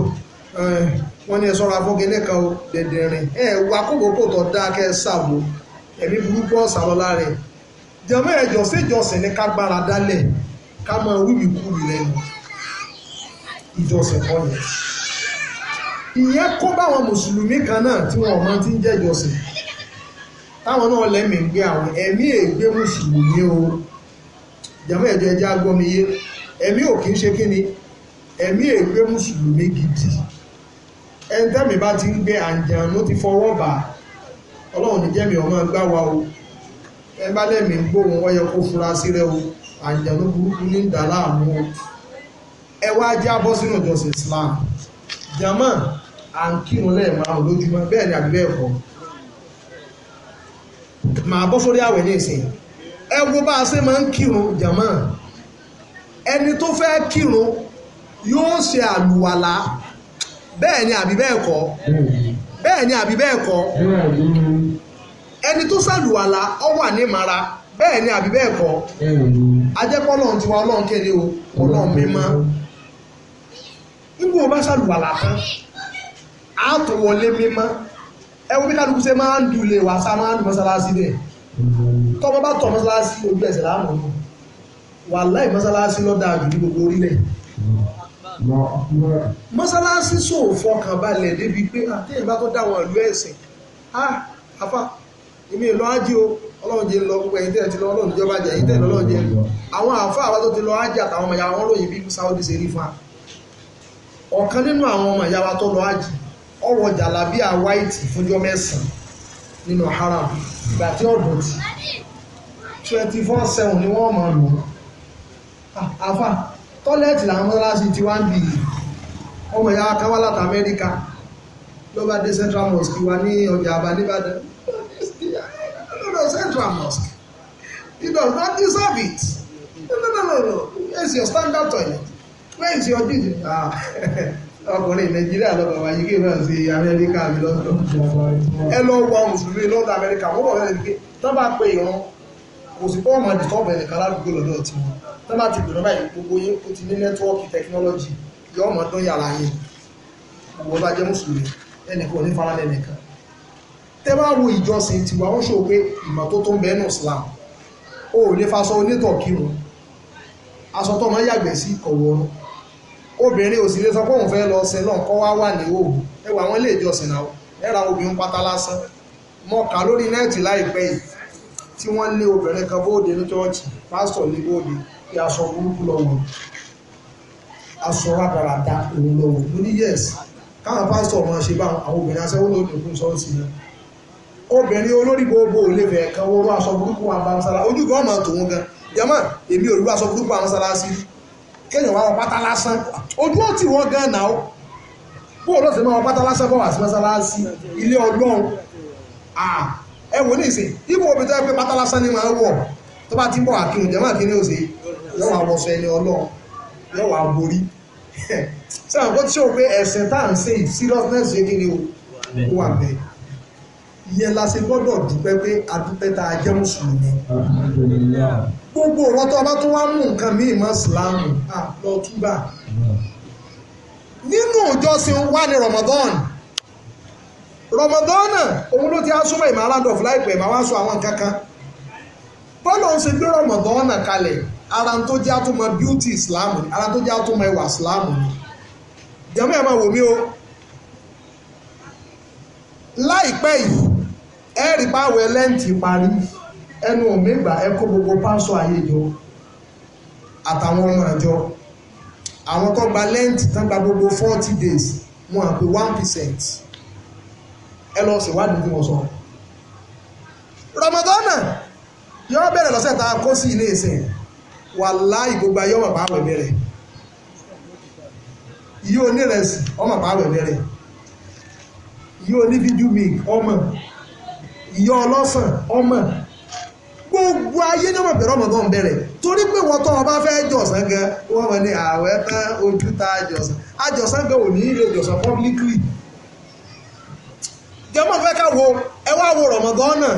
Speaker 1: wọ́n ní ẹ fún kinní kan o dẹ̀dẹ̀rìn ẹ wá kókòkò tó dáa kẹ́ ẹ ṣàbò ẹ̀mí burúkú ọ̀sà lọ́la rẹ̀ jẹ́mọ́ ẹ̀jọ̀ séjọsìn ní kágbára dálẹ̀ ká máa wíwì kúrì lẹ́nu ìjọsìn kan ìyẹn kó báwọn mùsùlùmí kan náà tí wọn ọmọ ti ń jẹ́jọsìn táwọn náà lẹ́mìí gbé àwọn ẹ̀mí ègbé mùsùlùmí o jàmọ́ ẹ̀jọ̀ ẹja gbọ́miyé ẹ̀mí ò kí ṣe kí ni ẹ̀mí ègbé mùsùlùmí gidi ẹni tẹ́mi bá ti ń gbé àǹjànú ti fọwọ́ wa o ẹ bá lẹ́mìí o àǹjànú burúkú ní o ẹ wá jábọ́ Islam à ń kírun lẹ́ẹ̀márùn lójúmọ́ bẹ́ẹ̀ ni àbí bẹ́ẹ̀ kọ́ màá bọ́ sórí àwẹ̀ ní ìsìn ẹ wo bá a ṣe máa ń kírun jàmọ́ ẹni tó fẹ́ kírun yóò ṣe àlùwàlà bẹ́ẹ̀ ni àbí bẹ́ẹ̀ kọ́ bẹ́ẹ̀ ni àbí bẹ́ẹ̀ kọ́ ẹni tó ṣàlùwàlà ó wà ní mara bẹ́ẹ̀ ni àbí bẹ́ẹ̀ kọ́ ajẹ́pọ̀ ọlọ́run ti wá ọlọ́run kéde o ọlọ́run mímọ́ nígbà wo bá ṣàlùwàlà tán àtòwọlé mímọ́ ẹwọ bí kálukú ṣe máa ń dùlé wà sá máa ń dùn mọ́sálásí dẹ̀ tọ́mọ bá tọ̀ mọ́sálásí ojú ẹ̀sẹ̀ láàmú wà láì mọ́sálásí lọ́dà jù ní gbogbo orílẹ̀ mọ́sálásí sò fọkàn balẹ̀ débi pé àtẹ̀yìn bá tó dáwọn ìlú ẹ̀sìn ah afa èmi lọ ájí o ọlọ́run jẹ́ lọ gbogbo ẹ̀yin tẹ́lẹ̀ nínú àwọn ọmọ ìyá tó lọ ájí ọwọ́ jàlábíà white fúnjọ́ mẹ́sàn-án nínú haram ìgbà tí ọ̀dùn ti twenty four seven ni wọ́n máa lò ah, àfà tọ́lẹ̀tì làwọn mọ́láṣí ti wá ń bì í ọmọ ìyá akáwá láti amẹ́ríkà ló bá dé central mosque wa ní ọjà àbá nìbàdàn no no central mosque He does not deserve it no no no no where is your standard toilet where is your dignity ah. ọkùnrin nàìjíríà lọ́bàá wa yíké náà sí amẹ́ríkà àbí lọ́dọ̀ ẹ lọ wọ mùsùlùmí lọ́dọ̀ amẹ́ríkà wọ́n bọ̀ lẹ́nu pé tó bá pe ìran kò sí fọ́ọ̀mù àdìsọ́ọ̀bù ẹnìkan ládùúgbò lọ́dọ̀ tí wọn tó bá ti bẹ̀rẹ̀ báyìí gbogbo yín ó ti ní nẹ́tíwọ́ọ̀kì tẹkinọ́lọ́jì yóò mọ̀ tó yàrá yín gbogbo bá jẹ́ mùsùlùmí ẹnìkan ò ní fara lẹ́nìkan tẹ bá wo ìjọsìn tiwa ó ṣòwò pé ìmọ́tótó ń bẹ́ẹ̀ nù Islam ó lè faṣọ onítọ̀ kírun aṣọ tó máa yàgbẹ́ sí ọ̀wọ́rùn obìnrin ò sì lè sọ pé òun fẹ́ lọ sin náà kọ́ wá wà ní òògùn ẹwà wà wọ́n lè jọsìn náà ẹ obìnrin pátá lásán mo lórí nẹ́ẹ̀tì láìpẹ́ yìí tí wọ́n lé obìnrin kan bóde ní chọ́ọ̀chì pásítọ̀ ní bóde kí aṣọ burúkú lọ́wọ́ aṣọ rádaràda òun lọ́wọ́ mo ní yẹ́sì káwọn pásítọ̀ ṣe bá àwọn obìnrin náà obìnrin olórí aṣọ burúkú wọn bá ń sára ojú kéèyàn wá wọn pátá lásán ojú ó ti wọ́n gan náà bó o lọ́sẹ̀ máa wọn pátá lásán bọ̀ wá sí mọ́sálásí ilé ọlọ́run ẹ wò ní ìsìn ibo obìnrin tó yẹ pé pátá lásán ni máa ń wọ̀ tó bá ti ń bọ̀ wá kí òjò máa kí ní òsè yóò wá wọṣọ ẹni ọlọ́run yóò wá borí sẹ́wọ̀n kó tí o pé ẹ̀sìn tá à ń ṣe seriousness yé kí ni o wà bẹ́ẹ̀ ìyẹn la ṣe gbọ́dọ̀ dúpẹ́ pé adúpẹ́ tá a jẹ́ mùsùlùmí. gbogbo ọ̀rọ̀tọ́ bá tún wá mú nǹkan míì mọ́ síláàmù lọ túbà. nínú ìjọsìn wa ní Ramadan Ramadan òun ló ti á súnmọ́ ìmọ̀ aládọ̀fù láìpẹ́ ìmọ̀ wá sọ àwọn nǹkan kan. bọ́lá ń ṣe gbé Ramadan kalẹ̀ ara tó jẹ́ àtúmọ̀ beauty Islam ara tó jẹ́ àtúmọ̀ ẹwà Islam jẹ́mọ́ ẹ̀ máa wò mí o láìpẹ́ yìí ẹ rí báwo ẹlẹ́ǹtì parí ẹnu òmígbà ẹ kó gbogbo pánṣọ ayé jọ àtàwọn ọmọ àjọ àwọn tó gba lẹ́ǹtì tán gba gbogbo forty days wọn à pé one percent ẹ lọ ṣèwádìí bí wọ́n sọ. Ramadana yóò bẹ̀rẹ̀ lọ́sẹ̀ tá a kó sí ilé ìsìn wàláhì gbogbo ayé ọmọ bàbá bẹ̀rẹ̀ yóò ní rẹsì ọmọ bàbá bẹ̀rẹ̀ yóò ní fídíò mi ọmọ. ìyá ọlọ́sàn ọmọ gbogbo ayé ní ọmọ bẹ̀rẹ̀ ọmọ bẹ̀rẹ̀ torí pé wọ́n tọ́ ọba fẹ́ jọ̀sán gan wọ́n mọ̀ ní ààwẹ̀ tán ojú ta jọ̀sán àjọ̀sán gan ò ní ilé jọ̀sán publicly jẹ́mọ̀ fẹ́ ká wo ẹ wá wo rọ̀mọ̀gán náà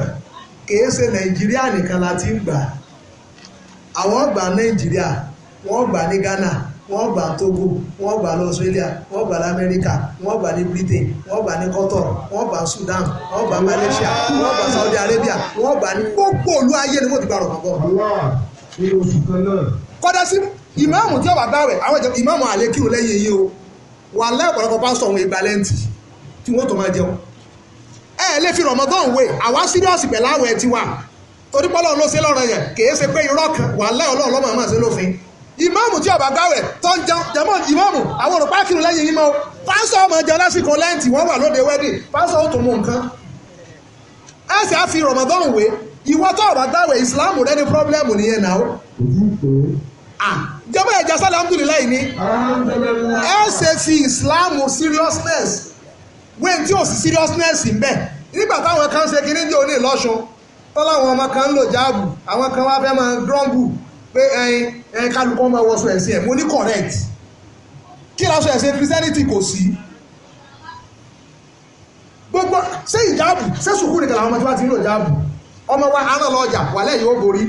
Speaker 1: ṣe nàìjíríà nìkan la gbà àwọn gbà nàìjíríà wọ́n gbà ní ghana wọ́n gbà Togo wọ́n gbà lọ Australia wọ́n gbà lamẹ́ríkà wọ́n gbà ní Britain wọ́n gbà ní Qatar wọ́n gbà Sudan wọ́n gbà Malaysia wọ́n gbà Saudi Arabia wọ́n gbà ní gbogbo olú ayé ni wọ́n ti gba ọ̀rọ̀ kankan. kọ́dá sí ìmáàmù tí ọba gbà rẹ̀ àwọn ìjọba ìmáàmù àlẹ́ kírun lẹ́yìn yìí o wà lẹ́ọ̀pọ̀lọpọ̀ pásítọ̀ òun ìgbàlẹ́ǹtì tí wọ́n tó máa jẹun ẹ lè fi Ramadan wé àwa síríọ́sì pẹ̀láwẹ̀ tiwa torípọ́lọ́ ló ṣe lọ́rọ̀ yẹn kì í ṣe pé irọ́ kan wà lẹ́ọ̀lọ́ ọlọ́mọ àmọ́ ṣe lófin ìmáàmù tí ọba gbáwẹ̀ tó ń jẹun jẹmọ́ ìmáàmù àwọn òrùpá kìlú lẹ́yìn ìmọ̀ pásọ̀ ọmọ jẹun lásìkò lẹ́ǹtì wọ́n wà lóde wẹ́dì pásọ̀ ó tó mú nǹkan á fi Ramadan wé ìwọ tó ọ̀bà gbáwẹ̀ ìsìláàmù rẹ ní pírọ́blẹ́mù nìyẹn náà jẹmọ́ ẹ̀jẹ̀ sálàmùdùlẹ̀ ní ẹ̀sẹ̀ seriousness pé ẹyin kálukọ́ máa wọṣọ ẹ̀sìn ẹ̀ mo ní correct kí lọ́sọ ẹ̀sìn christianity kò sí gbogbo ṣé ìjáàbù ṣé sùkúrù nìkan làwọn ọmọ tí wọ́n ti ń lò ìjáàbù ọmọ wa aná lọ ọjà wàlẹ́ yóò borí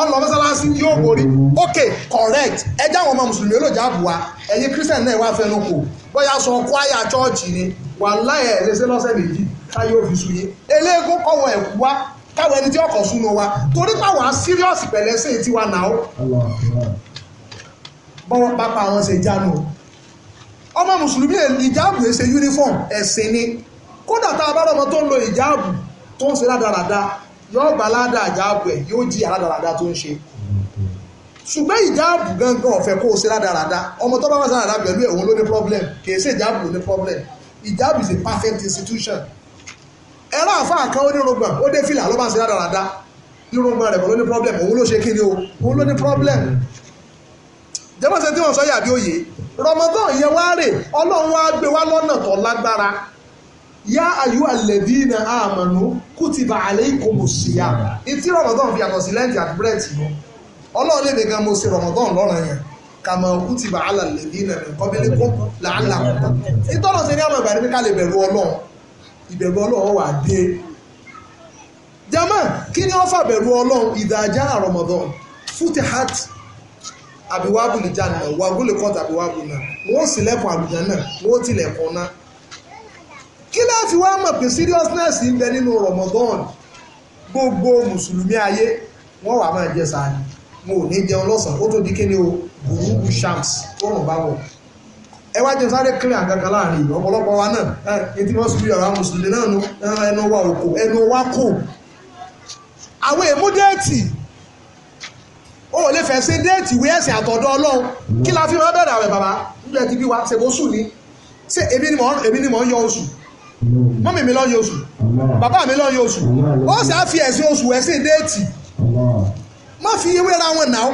Speaker 1: ọlọ mọ́sálásí yóò borí ok correct ẹ jẹ́ àwọn ọmọ mùsùlùmí ló jáàbù wa ẹ̀yin christian náà wá fẹnu kò bóyá sọ kwaya chọ́ọ̀chì ni wàláyé ẹ̀ lè ṣe lọ́sẹ̀ méjì ká yóò fi sùn yé eléégún kọ̀wọ̀ ẹ̀kú wá káwọn ẹni tí ọkọ̀ súnú wa torí pàwọn sírìọ́sì pẹ̀lẹ́ sí ti wa náà bọ́wọ́ pápá àwọn ṣe jánu ọmọ mùsùlùmí ìjáàbù ṣe uniform ẹ̀sìn ni kódà tá a bá rọmọ tó ń lo ìjáàbù tó ń ṣe rádaràda yóò gbà ládà ìjáàbù ẹ̀ yóò jí rádaràda tó ń ṣe ṣùgbọ́n ìjáàbù gangan ọ̀fẹ́ kó o ṣe rádaràda ọmọ tó bá wà sáradà pẹ̀lú ẹ̀wọ̀n ló ní problem kì í ṣe ìjáàbù ló ní problem ìjáàbù is a perfect institution ẹ̀rọ àfáà kan onírúgbọ̀n ó dé fìlà ló bá ṣe rádaràda irúgbọ̀n rẹ̀ ló ní problem òun ló ṣe kí ni o òun ló ní problem jẹ́mọ̀sẹ̀ tí wọ́n sọ yàbí òye Ramadan yẹn wá rè Ọlọ́run wá gbé wá lọ́nà tó lágbára yá ayú alẹ́dínà àmànú kùtìbà àlẹ́ ìkòmò síyá ìtí Ramadan fi àtọ̀ sí lẹ́ǹtì àti bírẹ̀tì lọ Ọlọ́run lè gbẹ̀gàn mo ṣe Ramadan lọ́rọ̀ yẹn kàmà kùtìbà alẹ́dínà kọ́bílẹ̀ kó làálàá ìtọ́nà sí ní àmọ̀ ìbàdí ìbẹ̀rù ọlọ́run wà dé jama kí ni wọ́n fàbẹ̀rù ọlọ́run ìdájá àrọ̀mọ̀dán futihat àbíwábù lè jà náà wàgúlè kọ́ta àbíwábù náà wọ́n sì lẹ́kùn àlùjẹ́ náà wọ́n ti lẹ̀kùn náà kí láà fi wá mọ̀ pé seriousness ń bẹ nínú Ramadan gbogbo mùsùlùmí ayé wọ́n wà máa jẹ sààrì wọn ò ní jẹun lọ́sàn-án ó tó di kí ni o burúkú shams tó rùn bá wọ̀ ẹ wá jẹ́ sáré kílẹ̀ àgàgà láàrin ọ̀pọ̀lọpọ̀ wa náà ẹ ti wọ́n sùn yàrá mùsùlùmí náà nù ẹnu wa òkò ẹnu wa kò àwọn èèmú déètì ó lè fẹ́ ṣe déètì wí ẹ̀sìn àtọ̀dọ̀ ọlọ́run kí la fi máa bẹ̀rẹ̀ àwẹ̀ bàbá nígbà tí bí wa ṣe kó sùn ni ṣé èmi ni mò ń yọ oṣù mọ́mì mi ló yọ oṣù bàbá mi ló yọ oṣù ó sì á fi ẹ̀sìn oṣù ẹ̀sìn déètì má fi ewé ra wọn náà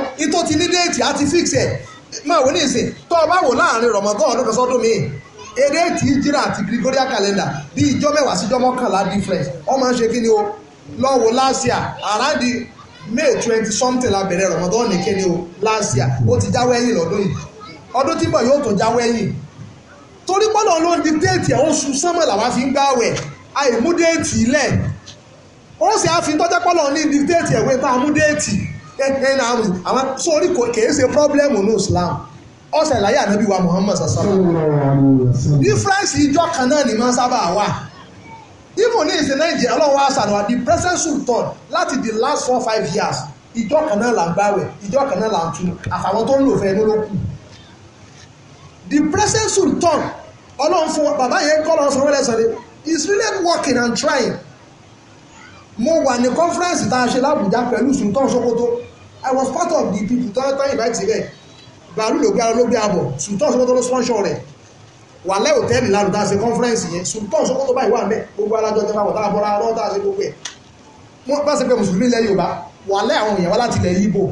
Speaker 1: ti ní déètì máa wò ní ìsìn tó o bá wò láàrin Ramadan ọdún kan sọ́dún mi eré tí jíra àti Gregorian calendar bí ìjọ mẹ́wàá síjọ́ mọ́kànlá difference wọ́n ń ṣe kí ni o lọ́wọ́ last year around the May twenty something la bẹ̀rẹ̀ Ramadan kí ni o last year ó ti jáwé ẹ̀yìn lọ́dún yìí ọdún tí bọ̀ yóò tún jáwé ẹ̀yìn torí pọ́nà ló ń di déètì àwọn oṣù sánmọ̀ làwa fi ń gbáwẹ̀ àìmú déètì ilẹ̀ ó sì á fi tọ́jọ́ pọ́nà ní di déètì ẹ̀wé tá a déètì ẹ eh, eh, náà àwọn sórí kìí ṣe pọ́blẹ́mù ní Islam ọ̀sẹ̀ láyé ànábì wa Muhammad sasana difference ìjọ kan náà ni máa ń sábà wà even ní ìsìn Nàìjíríà ọlọ́wọ́ àṣàrò àti present sultan láti the last four five years ìjọ kan náà là ń gbàwẹ̀ ìjọ kan náà là ń tunu àfàwọn tó ń lò fẹ́ ló kù the present sultan ọlọ́run fún bàbá yẹn kọ́ lọ́sàn wẹ́lẹ̀ sọ̀rọ̀ is really working and trying mo wà ní conference tá a ṣe lábùjá pẹ̀lú sultan Sokoto I was part of the people tó tán invite síbẹ̀ bàálù ló gbé ara ló gbé abọ̀ sultan Sokoto ló sponsor rẹ̀ wà láì hòtẹ́ẹ̀lì lánàá tá a ṣe conference yẹn sultan Sokoto báyìí wà mẹ́ gbogbo alájọ tẹ́lá wọ̀ tá a bọ́ra rọ́ tá a ṣe gbogbo ẹ̀ wọ́n bá ṣe pé mùsùlùmí ilẹ̀ Yorùbá wà láì àwọn èèyàn wá láti ilẹ̀ Ìgbò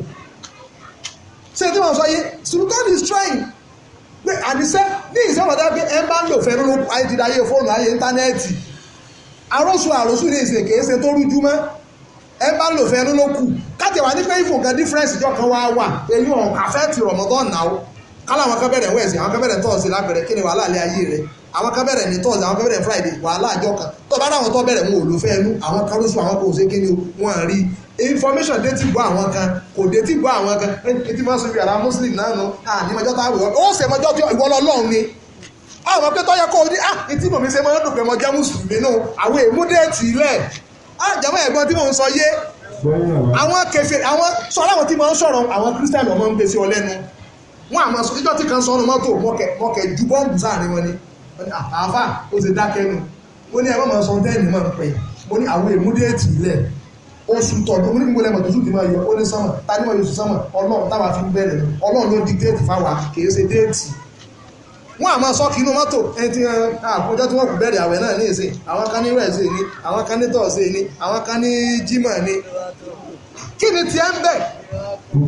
Speaker 1: ṣé tí wọ́n sọ yé sultan is trying pé àdìsẹ́ ní ìṣẹ́wọ̀n dábẹ́ ẹ bá ń lò fẹ́ lórí ayé ti dáyé fóònù ayé íńtánẹ́ẹ̀tì àròsù àròsù ní ìsìnkè é ṣe tó rújú mọ́ ẹ bá lò fẹ́ ló kù káàtì wà ní pé ìfò kan difference jọ kan wá wà èyí ọ̀hún àfẹ́ẹ̀tì Ramadan náà káláwọn kan bẹ̀rẹ̀ wẹ̀sì àwọn kan bẹ̀rẹ̀ tọ́ọ̀sì lábẹ̀rẹ̀ kí ni wàhálà ilé ayé rẹ̀ àwọn kan bẹ̀rẹ̀ ní tọ́ọ̀sì àwọn kan bẹ̀rẹ̀ Friday wàhálà àjọ kan tó bá ráwọn tó bẹ̀rẹ̀ wọn ò lò fẹ́ẹ́nu àwọn kan lóṣù àwọn kan ò sé kí ni wọ́n rí information dé ti gbọ́ àwọn kan kò dé ti gbọ́ àwọn kan etí máa sọ fi Muslim náà nù àní mọjọ́ tá a wò ó ṣe mọjọ́ tí ìwọ lọ́lọ́run ni àwọn pé tọ́yẹ kó o ní ah etí mọ̀mí ṣe máa ń dùn pé mọjọ́ mùsùlùmí nù àwọn èmúdẹ́ẹ̀tì ilẹ̀ àjàmọ́ ah, ẹ̀gbọ́n tí mò ń sọ yé àwọn kẹfẹ́ àwọn sọ aláwọ̀ tí mò ń sọ̀rọ̀ àwọn kírísítàlì ọmọ ń gbé sí ọ lẹ́nu wọn àmọ́ sọ ìjọ tí kan sọ ọ́nà mọ́tò mọ́kẹ́ ju bọ́ọ̀bù sáàrin wọn ni àfà ó ti dákẹ́ nu ó ní ẹ̀wọ́n máa sọ tẹ́ẹ̀nì máa ń pè mo ní àwọn èmúdéètì ilẹ̀ oṣù tọ̀dún mo ní gbogbo ẹ̀mọ̀ tó sùn ti máa yọ ó ní sánmà ta ni wọ́n yóò sùn ọlọ́run táwa fi bẹ̀rẹ̀ ọlọ́run ló di fáwa kì í ṣe déètì wọ́n àmọ́ sọ́ọ̀kì inú mọ́tò ẹni tí wọ́n àkójọ tí wọ́n kù bẹ̀rẹ̀ àwẹ̀ náà ní ìsìn àwọn kan ní rẹ̀ẹ́sì ni àwọn kan ní tọ̀ọ̀sì ni àwọn kan ní jímọ̀ ni kí ni tiẹ̀ ń bẹ̀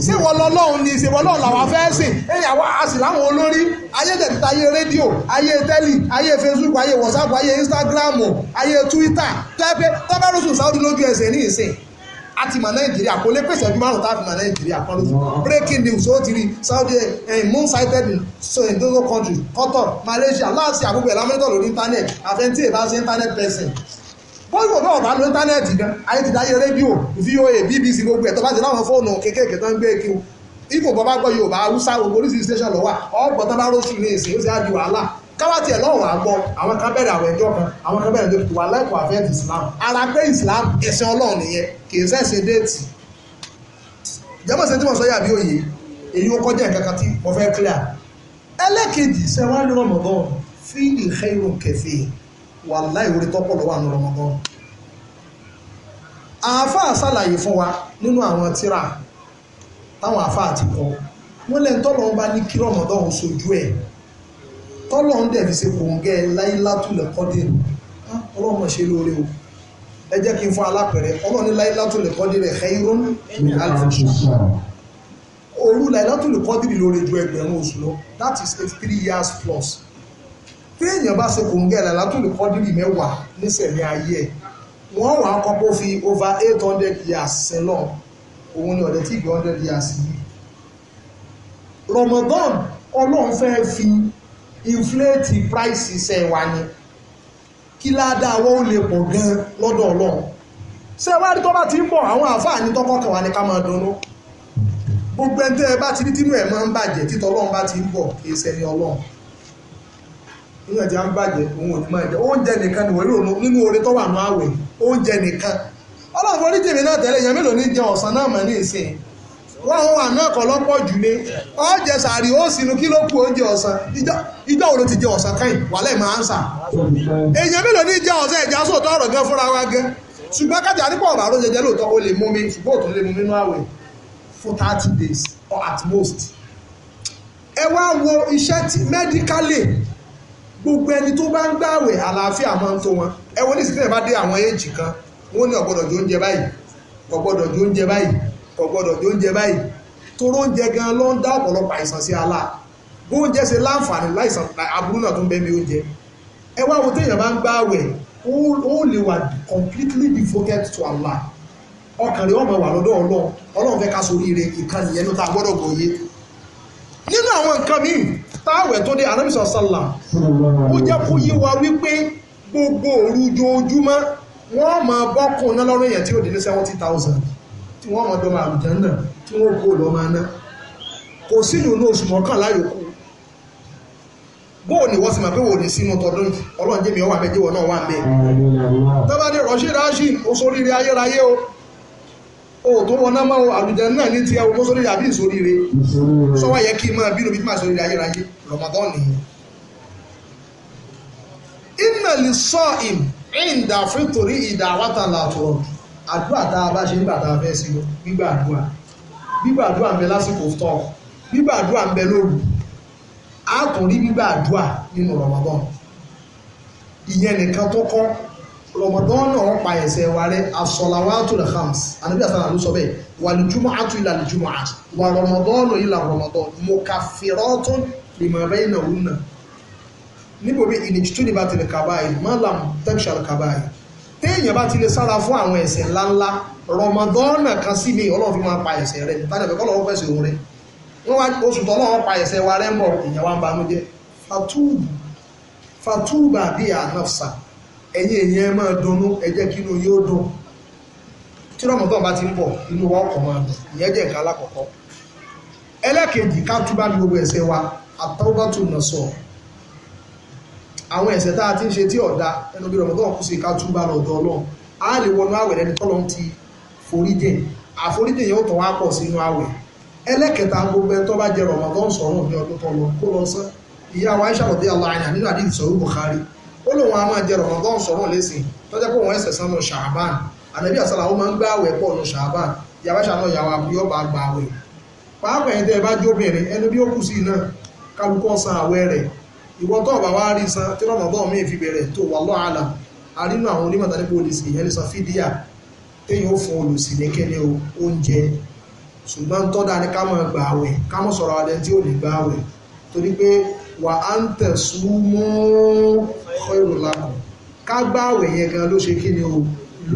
Speaker 1: ṣé wọ́n lọ́lọ́run ni ṣe wọ́n lọ́run làwọn fẹ́ sìn ẹ̀yìn àwọn a sì láwọn olórí ayé tẹ̀tẹ̀ ayé rédíò ayé tẹ́lì ayé facebook ayé whatsapp ayé instagram ayé twitter tẹ́pẹ́ tẹ́pẹ́ rúṣù sáwọ́dún lójú ẹsẹ̀ ní ìsìn a ti mọ̀ nàìjíríà kò lè pèsè ẹbí márùn tá a fi mọ̀ nàìjíríà kan lóṣù breaking news ó ti rí saudi eh, moon sighted in so in those countries qatar malaysia láti àbúgbẹ̀ lamẹ́tọ̀ lórí internet àfẹ́ntì ìbá sí internet person bọ́ọ̀lù ọ̀bá ọ̀bá lórí íńtánẹ́ẹ̀tì gan ayé ti dáyé rédíò voa bbc gbogbo ẹ̀ tó bá ti láwọn fóònù kéékèèké tó ń gbé kí ipò bàbá gbọ́ yorùbá haúsá o oríṣiríṣi station lọ́wọ́ ọ̀gbọ̀n tó bá rọ́ọ̀sù ní ìsìn ó sì á di wàhálà káwáti ẹ̀ lọ́rùn àgbọ̀ àwọn kan bẹ̀rẹ̀ àwọn ẹjọ́ kan àwọn kan bẹ̀rẹ̀ tó wà láìpọ̀ àfẹ́ẹ̀tì Islam ara pé Islam ẹ̀sìn Ọlọ́run nìyẹn kì í sẹ́sìn déètì jẹ́mọ̀ sẹ́ni tí mo sọ yà bí òye èyí ó kọjá ìkankan tí mo fẹ́ clear ẹlẹ́kejì sẹ́wọ́n ní Ramadan fíìlì xeyrùn kẹfì wà láì orí tọ́pọ̀ lọ́wọ́ àwọn Ramadan àáfàá ṣàlàyé fún wa nínú àwọn tíra táwọn àáfàá ti kọ wọ́n lẹ́ńtọ́ lọ́wọ́ bá ní kí Ramadan sojú ẹ̀ tọ́lọ́run dẹ̀ fi ṣe kòǹgẹ́ láìlátùlẹ̀ kọ́dìrì ọlọ́run máa ṣe lóore o ẹ jẹ́ kí n fún alápẹ̀rẹ̀ ọlọ́run ní láìlátùlẹ̀ kọ́dìrì khairun min alf òru láìlátùlẹ̀ kọ́dìrì lóore ju ẹgbẹ̀rún oṣù lọ that is a three years plus téèyàn bá ṣe kòǹgẹ́ láìlátùlẹ̀ kọ́dìrì mẹ́wàá nísẹ̀mí ayé ẹ̀ wọ́n wàá kọ́kọ́ fi over eight hundred years sin lọ òun ni ọ̀dẹ̀ tí ì inflate price iṣẹ́ wa ni kí ládàá wọ́n ó lè pọ̀ gan-an lọ́dọ̀ ọlọ́run ṣé wá rí tó bá ti ń bọ̀ àwọn àǹfààní tọkọ kan wà ní ká máa dunnú gbogbo ẹni tó ẹ bá ti rí tínú ẹ máa ń bàjẹ́ títọ́ ọlọ́run bá ti ń bọ̀ kì í ṣẹni ọlọ́run nínú ẹ̀jẹ̀ á ń bàjẹ́ òun ò ní máa jẹ oúnjẹ nìkan ni wọ́n rí nínú oore tó wà nù àwẹ̀ oúnjẹ nìkan ọlọ́run forí tèmi náà tẹ́lẹ̀ èèyàn mélòó ní jẹun ọ̀sán náà mọ̀ ní ìsìn wọ́n wà náà kọ́ lọ́pọ̀ jù ní ọ̀jẹ̀ sàárì ó sínú kí ló kù oúnjẹ ọ̀sán ìjọ òru ti jẹ ọ̀sán káyìn wà lẹ́ẹ̀ máa ń sà èèyàn mélòó ní jẹ ọ̀sán ẹ̀já sóòótọ́ ọ̀rọ̀ gan fúnra wa gan ṣùgbọ́n kájà nípa ọ̀rọ̀ àrò jẹjẹ lóòótọ́ ó lè mú mi ṣùgbọ́n òtún lè mú nínú àwẹ̀ for thirty days or at most ẹ wá wo iṣẹ́ tí medically gbogbo ẹni tó bá ń gbàwẹ̀ àlàáfíà máa ń tó wọn ẹ wọ́n ní ìsìnkú ẹ̀ bá dé àwọn èèjì kan wọ́n ní ọ̀gbọ́dọ̀ jóúnjẹ báyìí ọ̀gbọ́dọ̀ jóúnjẹ báyìí kò gbọ́dọ̀ jẹ oúnjẹ báyìí toró oúnjẹ gan ló ń dá ọ̀pọ̀lọpọ̀ àìsàn sí ala bó oúnjẹ ṣe láǹfààní láìsàn aburú náà tó ń bẹ mi oúnjẹ ẹ wá wo téèyàn bá ń gbá àwẹ̀ ó lè wà completely devoted to Allah ọkàn rẹ̀ ọmọ wà lọ́dọ̀ Ọlọ́run Ọlọ́run fẹ́ ká sórí rẹ̀ ìkan nìyẹn ló ta gbọ́dọ̀ gbòye nínú àwọn nǹkan míì táwẹ̀ tó dé anábìsọ̀ sálà ó jẹ́ kó yé wa wípé gbogbo òru ojoojúmọ́ wọ́n máa bọ́kùn náà lọ́rọ̀ èèyàn tí ó dé ní seventy thousand tí wọ́n mọ̀ dọ́mọ àlùjànnà tí wọ́n kó lọ́mọ náà kò sínú ní oṣù mọ́kànlá yòókù bóò wọ́n sì máa pé ní sínú tọdún ọlọ́run jẹ́mi ọwọ́ náà wà mẹ́ tọ́ba ní rọ́ṣẹ́ ráṣì ó ayérayé o o tó wọn náà máa àlùjànnà náà ní tiẹ̀ o sóríire àbí ìsóríire sọ́wọ́ yẹ kí máa bínú bí máa sóríire ayérayé Ramadan nìyí. ìnàlì sọ ìm ìdàfẹ́ torí ìdàwátà làtọ̀rọ̀ àdúrà tá a bá ṣe nígbà tá a fẹ́ sí gbígbà àdúrà gbígbà àdúrà ń bẹ lásìkò tọ́ gbígbà àdúrà ń bẹ lóru a tún rí gbígbà àdúrà nínú Ramadan ìyẹn nìkan tó kọ́ Ramadan náà pa ẹ̀ṣẹ̀ wa rẹ́ as-salawatul khams ànábì àsàlà ló sọ bẹ́ẹ̀ wal jumu'atu ila al jumu'ah wa Ramadan ila Ramadan mukaffiratun lima bainahunna níbo bí ìnìjítúni bá tilẹ̀ kàbáyé má làm tẹ́kṣà kàbáyé téèyàn bá ti lè sára fún àwọn ẹ̀ṣẹ̀ ńláńlá rọmọdọ́nà kan sí mi ọlọ́run fi máa pa ẹ̀ṣẹ̀ rẹ tàbí ẹ̀fẹ́ kọ́lọ́run pẹ̀sẹ̀ òun rẹ wọ́n wá oṣù tọ́lọ́run pa ẹ̀ṣẹ̀ wa rẹ́ mọ̀ èèyàn wá ń banújẹ́ fatúbù fatúbù àbí ànáfsà ẹ̀yin èèyàn ẹ máa dunnú ẹ jẹ́ kí inú yóò dùn tí rọmọdọ́n bá ti ń bọ̀ inú wa ọkọ̀ máa dùn ìyẹn jẹ́ nǹkan alákọ̀ọ́kọ́ ẹlẹ́kejì ká túbá ní gbogbo ẹ̀ṣẹ̀ wa àtọ́gbọ́tò náà sọ̀rọ̀ àwọn ẹ̀ṣẹ̀ tá a ti ń ṣe tí ọ̀dá ẹnu bí rọ̀mọ́tọ́ kù sí ká túbà lọ́dọ̀ ọlọ́run a lè wọnú àwẹ̀ rẹ ní tọ́lọ́ ti foríjìn àforíjìn yóò tàn wá pọ̀ sínú àwẹ̀ ẹlẹ́kẹta gbogbo ẹ tó bá jẹ rọ̀mọ́tọ́ sọ̀rùn ní ọdún tó lọ kó lọ sán ìyá wa Aisha rọ̀dí aláàyàn nínú àdìsí sọ̀rọ̀ Bukhari ó lóun a máa jẹ rọ̀mọ́tọ́ sọ̀rùn lẹ́sìn tọ́jẹ́ pé wọ́n ẹ̀ṣẹ̀ sánú ṣàbán ìwọ tó ọ̀bà wá rí san tí rọ̀mọ̀bọ̀ mi fi bẹ̀rẹ̀ tó wà lọ́ àlà àrínú àwọn onímọ̀ta nípa olùsì ìyẹn lè san fídíà téyìn ó fún olùsì ní kéde oúnjẹ ṣùgbọ́n tó dáa ní ká má gba àwẹ̀ ká má sọ̀rọ̀ adẹ tí ò ní gba àwẹ̀ torí pé wà á ni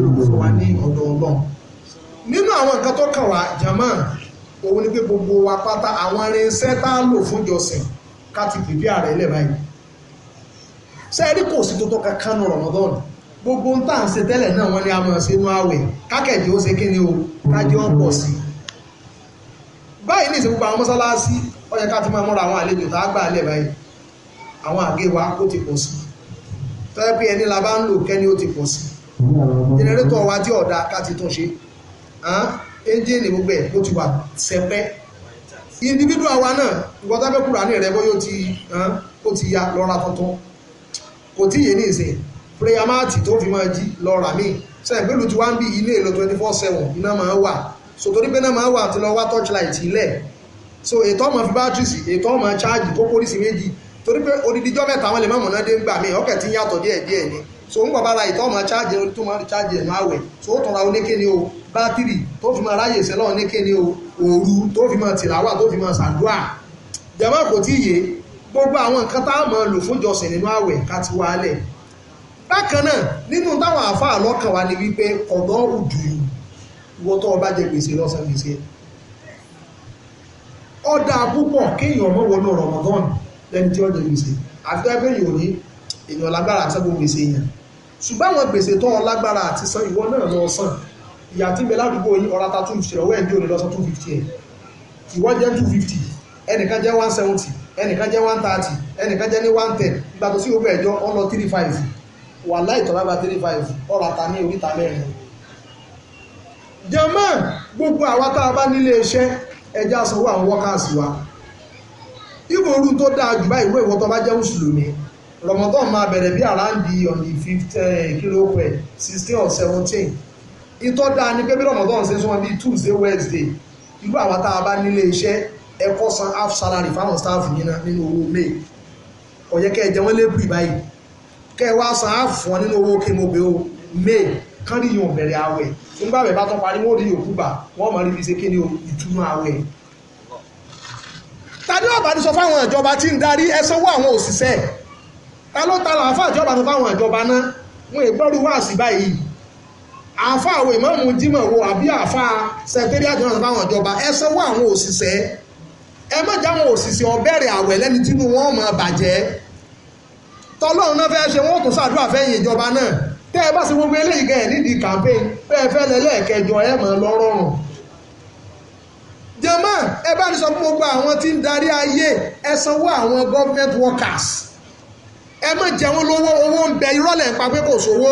Speaker 1: o ló wa ní ọ̀dọ̀ ni pé gbogbo wa pátá àwọn irinṣẹ́ tá a káti pèpè ààrẹ ilẹ̀ báyìí sẹ́ẹ̀rí kò sí tuntun kankan nù rọ̀mọ́dọ́nù gbogbo ń tà ń ṣe tẹ́lẹ̀ náà wọ́n ní a mọ̀ sínú àwẹ̀ kákẹ́jì ó ṣe kí ni o kájí ó pọ̀ sí báyìí ní ìsìnkú àwọn mọ́sálásí ó yẹ ká ti máa múra àwọn àlejò tá a gbà lẹ̀ báyìí àwọn àgé wa ó ti pọ̀ sí tọ́jọ́ pé ẹni la bá ń lò kẹ́ni ó ti pọ̀ sí jẹnẹrétọ̀ wa tí ọ̀dà ká tún ṣe ẹ́ńjìnì gbogbo ẹ̀ ó ti wà sẹpẹ́ individu àwa náà nǹkan tábẹ́ kúránì rẹ bóyá ó ti ya lọ́ra tuntun kò tí yé ní ìsìn prayer mat tó fi máa jí lọ́ra mi sẹ́yìn pẹ̀lú tí wọ́n ń bí ilé ìlọ twenty four iná máa wà so pé náà máa wà àti lọ wá torchlight ilẹ̀ so ètò ọmọ fi bátìrì sí ètò ọmọ ṣáàjì tó kórìsì méjì torí pé odidi jọ́bẹ̀ táwọn lè má mọ̀ná dé ń gbà mí ọkẹ̀ tí ń yàtọ̀ díẹ̀ díẹ̀ ni so ń bàbá ra ìtọ́ ọmọ ṣáàjì tó máa ṣáàjì ẹ̀nu àwẹ̀ so ó tọ̀ra oníkéni o bátìrì tó fi máa ráyè sẹ́lọ̀ oníkéni o òru tó fi máa tìlàwà tó fi máa ṣàdúà jàmá kò tí yé gbogbo àwọn nǹkan tá a máa lò fún ìjọsìn nínú àwẹ̀ ká ti wá lẹ̀ bákan náà nínú táwọn àáfàá lọ́kàn wa ni wípé ọ̀dọ́ òdù ìwọ tó bá jẹ gbèsè lọ́sàn gbèsè ọ̀dà púpọ̀ kéèyàn mọ́ wọnú Ramadan lẹ́ni tí ó jẹ gbèsè àfi ẹgbẹ́ yìí ò ní èèyàn lágbára àti ẹgbẹ́ gbèsè yẹn ṣùgbọ́n àwọn gbèsè tó lágbára àti san ìwọ ìyá tí ń bẹ ládùúgbò yìí ọ̀rá ta two fifty lọ́wọ́ 250. ń dí òní lọ́sọ two fifty ẹ̀ ìwọ jẹ́ two fifty ẹnìkan jẹ́ one seventy ẹnìkan jẹ́ one thirty ẹnìkan jẹ́ ní one ten ìgbà tó sí owó ẹ̀jọ́ ọ̀nà three five wà láì tọ́lá bá three five ọ̀rá ta ní oríta mẹ́rin. jẹ́mọ́ gbogbo àwa tá a bá nílé iṣẹ́ ẹja sanwó àwọn workers wa ìwọ orú tó dáa jù báyìí ìwé ìwọ tó bá jẹ́ mùsùlùmí Ramadan máa bẹ̀rẹ̀ bí around the on the 15 kilo per 16 or 17 ìtọ́ dáa ni pé bí rọ̀mọ̀dọ́n ṣe sọ́wọ́n bíi tuesday wednesday irú àwọn tá a bá nílé iṣẹ́ ẹ̀kọ́ san half salary fáwọn staff yín náà nínú owó may kò yẹ kẹ́ ẹ jẹ wọ́n lé bì báyìí kẹ́ ẹ wá san half fún wọn nínú owó kémobe o may kán rí yóò bẹ̀rẹ̀ àwẹ̀ nígbà wẹ̀ bá tán parí wọ́n rí yòókù gbà wọ́n mọ̀ níbi ṣe kéde ìtumọ̀ àwẹ̀. tàbí ọ̀bà ti sọ fáwọn ìjọba tí ń darí ẹ sanwó àwọn òṣìṣẹ́ ta ló ta làáfà ìjọba tó fáwọn ìjọba náà wọn ì àáfà àwọn ìmáàmù jímọ̀ wo àbí àáfà sẹ̀tẹ́rì àjọyọ̀ fáwọn ìjọba ẹ sanwó àwọn òṣìṣẹ́ ẹ má já àwọn òṣìṣẹ́ ọ̀bẹ̀rẹ̀ àwẹ̀ lẹ́ni tínú wọn máa bàjẹ́ tọ́lọ́run náà fẹ́ẹ́ ṣe wọn kò sàdúrà fẹ́yìn ìjọba náà tẹ́ ẹ bá ṣe gbogbo eléyìí gan ẹ̀ nídìí campaign pé ẹ fẹ́ lẹ́lẹ́ẹ̀kẹjọ ẹ mọ̀ lọ́rọ̀rùn jẹ́mọ́ ẹ bá ní sọ fún gbogbo àwọn tí ń darí ayé ẹ sanwó àwọn government workers ẹ má jẹ wọn lówó owó ń bẹ irọ́ lẹ̀ ń pa pé kò sówó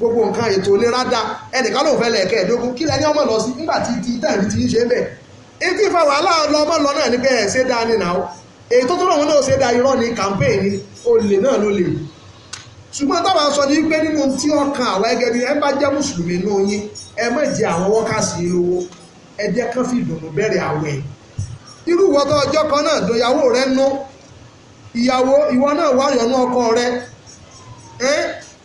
Speaker 1: gbogbo nǹkan ètò ìlera dá ẹnìkan ló fẹ́ lẹ̀kẹ́ ẹ̀dógún kí lẹ́ni ọmọ lọ sí nígbà tí ti tẹ̀lé ti ń ṣe bẹ́ẹ̀ etí ìfà wàhálà ọmọ lọ náà ní pé ẹ̀ ṣe ní nà ni campaign ole olè náà ló lè ṣùgbọ́n táwa sọ ní pé nínú tí ọkàn àwọn ẹgẹ́ bí ẹ bá jẹ́ mùsùlùmí inú yín ẹ àwọn wọ́kàsí ẹ jẹ́ kán fi ìdùnnú bẹ̀rẹ̀ àwẹ̀ irú wọ́tọ̀ ọjọ́ kan náà rẹ nú ìyàwó ìwọ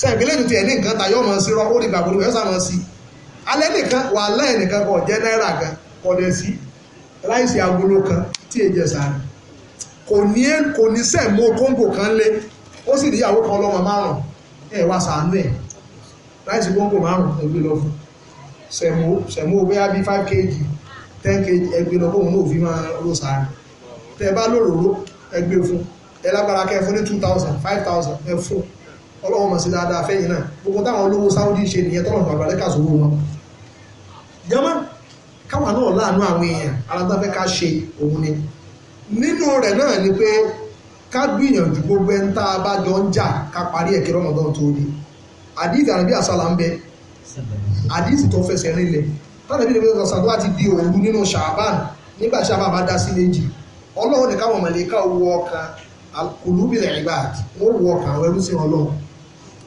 Speaker 1: sẹ́ǹgbélé ní ti ẹ̀ nǹkan tayọ́ ọmọ sí rọ ó ní gbàgbọ́ sí wà láì nìkan kọ̀ jẹ́ náírà gan kọ̀ dẹ̀ sí láìsí agolo kan tí jẹ sáré kò ní kò ní kan lé ó sì níyàwó kan lọ́mọ márùn ẹ̀ wá sàánú ẹ̀ láìsí kóńgò márùn ẹ̀ gbé lọ fún kg ten kg ẹ̀ gbé lọ fún òun náà fi máa sáré tẹ́ ní ẹ ọlọ́run mọ̀ sí dáadáa fẹ́yìn náà gbogbo táwọn olówó sáwọ́dí ṣe nìyẹn tọ́lọ̀ bàbá lẹ́ka sówó wọn jẹ́mọ́ káwọn náà láàánú àwọn èèyàn alágbáfẹ́ ká ṣe òun ni nínú rẹ̀ náà ni pé ká gbìyànjú gbogbo ẹni tá a bá jọ ń jà ká parí ẹ̀kẹ́ rọ́mọdán tó rí àdìsí àrùn bí àsálà ń bẹ àdìsí tó fẹsẹ̀ rinlẹ̀ tọ́lá bí lóbi ọ̀sán tó bá ti di ọlọ́run ní káwọn mọ̀lẹ́ká wọ ọkàn kùlùbìlẹ̀ ìbáàdì wọ́n wọ ọkàn àwọn ẹrú sí ọlọ́run